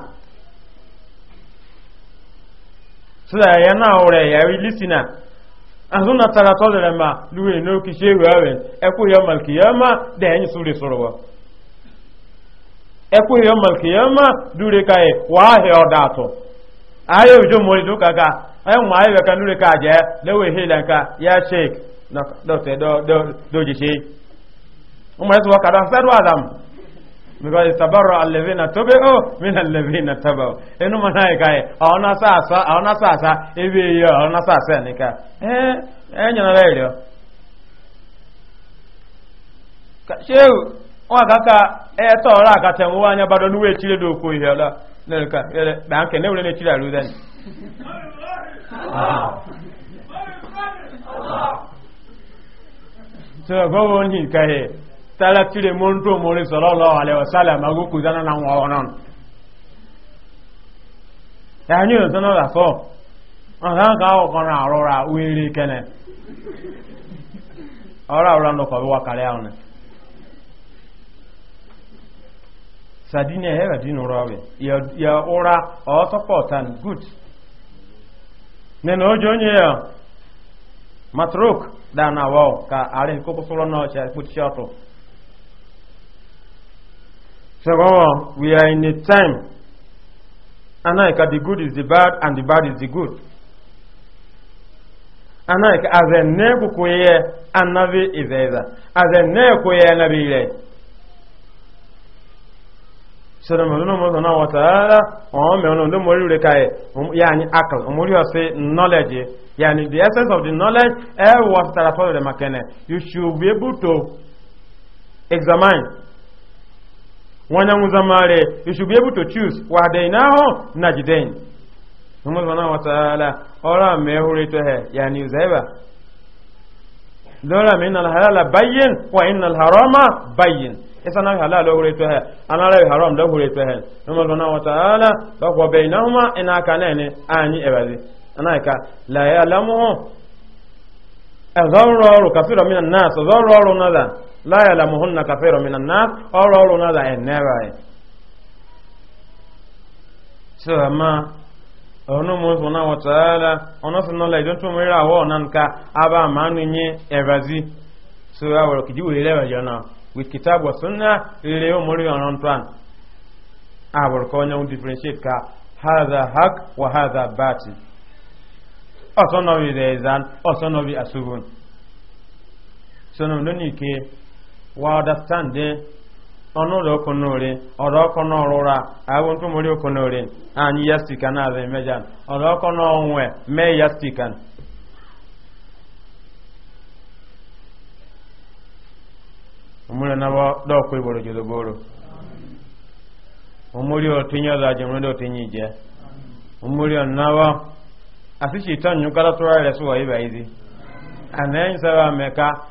so that ya na ore ya wili sina, azuna tara to le ma luwe no ki she we awen e ku yo de en sure soro wa e ku yo mal kiyama dure kai wa he oda to ayo jo mo do kaka ayo ma ayo ka nure ka je lewe he lan ya sheik na do te do do do je she o ma so ka da adam because tabarra alladhina tabi'u min alladhina tabu enu mana kai ona sasa ona sasa ebe yo ona sasa nika eh enyo eh, na leo ka sheu wa kaka e to ra ka te wo anya bado nu we chire do ihe la nelka ele da nke ne ure ne chire aru den ah. so go on hi kai tara tire monto mori sallallahu ọrụ wasallam ago kuzana na nwa onon ya nyu no la fo ara ga o kona arora wiri kene ọrụ ọrụ no ko wa kare awon sadine hewa ya ya dana ka ari Second we are in a time, anaika, the good is the bad and the bad is the good. Anaika, as a nebu kuye, anavi is either. As a nebu kuye, anavi ile. Sọ́dọ̀ mọ̀lúnà mọ́sànà wọ̀tàrà ọ̀hún mẹ́rin ọdún mọ́rí rẹ̀ káyẹ̀ yà ní akal, mọ́rí ọ̀sẹ̀ knowledge yà ní the essence of the knowledge ẹ̀ wọ́n tàrà fọ́lọ̀ rẹ̀ makẹ́nẹ̀. You should be able to examine wanyangu zamare you should be able to choose wahadainaho na Allah subhanahu wa ta'ala ora mehuri to he yani dola min bayyin wa harama bayyin isa na halal lo hure to he anara haram lo hure to he Allah wa ta'ala ba ko bainahuma ina kanene ani ebazi anaka la ya'lamu azarru nas nala la na cafe romina nas ọrụ ọrụ na da enera so ma onu mo so na wataala ono so no la don to mira wo nan ka aba manu nye evazi so awro kijibu le lewa jona with kitab wa sunna differentiate ka hadha hak wa hadha bi bi ke wa understanding ọnụụlọ okonori ọrọkọnọrụra agụntụmori okonori anyị ya stikan azụ emeja ọrọkọnọnwe mee ya stikan omuri nabo dɔw ko ibolo jolo boro omuri o tinyɛ la jɛmɛ dɔ tinyɛ omuri nabo asi si tɔn nyu kala tora yɛrɛ sɔrɔ ibayi di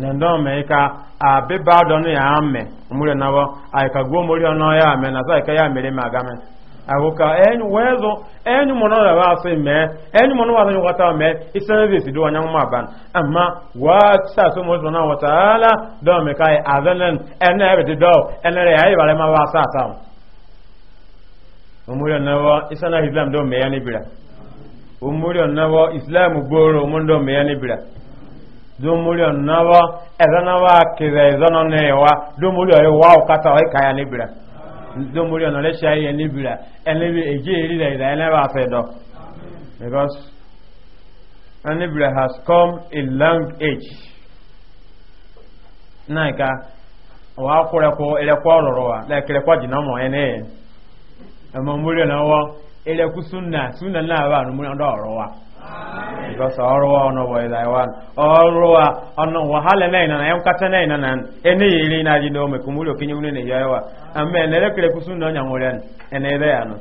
nendo me ka abeba do no ya ame mure nawo ai ka gwo ono ya ame na sai ka ya mere ma game awoka enyu wezo enyu mono la wa se me enyu mono wa nyuka ta me isebe si do anyanwu aban amma wa sa so e, mo na wa taala do me kai azanen ene ebe do ene re ai bare ma wa sa ta omuri onawo isana islam do me ya ni bira omuri onawo islam gboro mo do me ya domoli ɔnabɔ ɛzanaba kizɛ ɛzɔnɔ nɛɛwa domoli ɔyɛ wawu kata ɔyɛ kaya nibira domoli ɔnɔ lɛ sia yɛ nibira ɛnɛ edze eri la ɛzɛ ɛnɛ b'a fɛ dɔ because has come a long age naika wa wa na sunna sunna na ba no mo wa because ọrụwa ọnọbọ ịdaiwan ọrụwa ọnọbọ ha lene ina na ya nkata na ina na ene ya iri na ji na ome kumuli okenye wune na ya yawa amma ene lekere kusu na ọnya nwere ene ebe ya nọ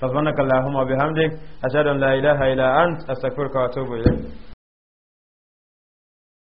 subhanakallahumma bihamdik ashhadu an la ilaha illa ant astaghfiruka wa atubu ilayk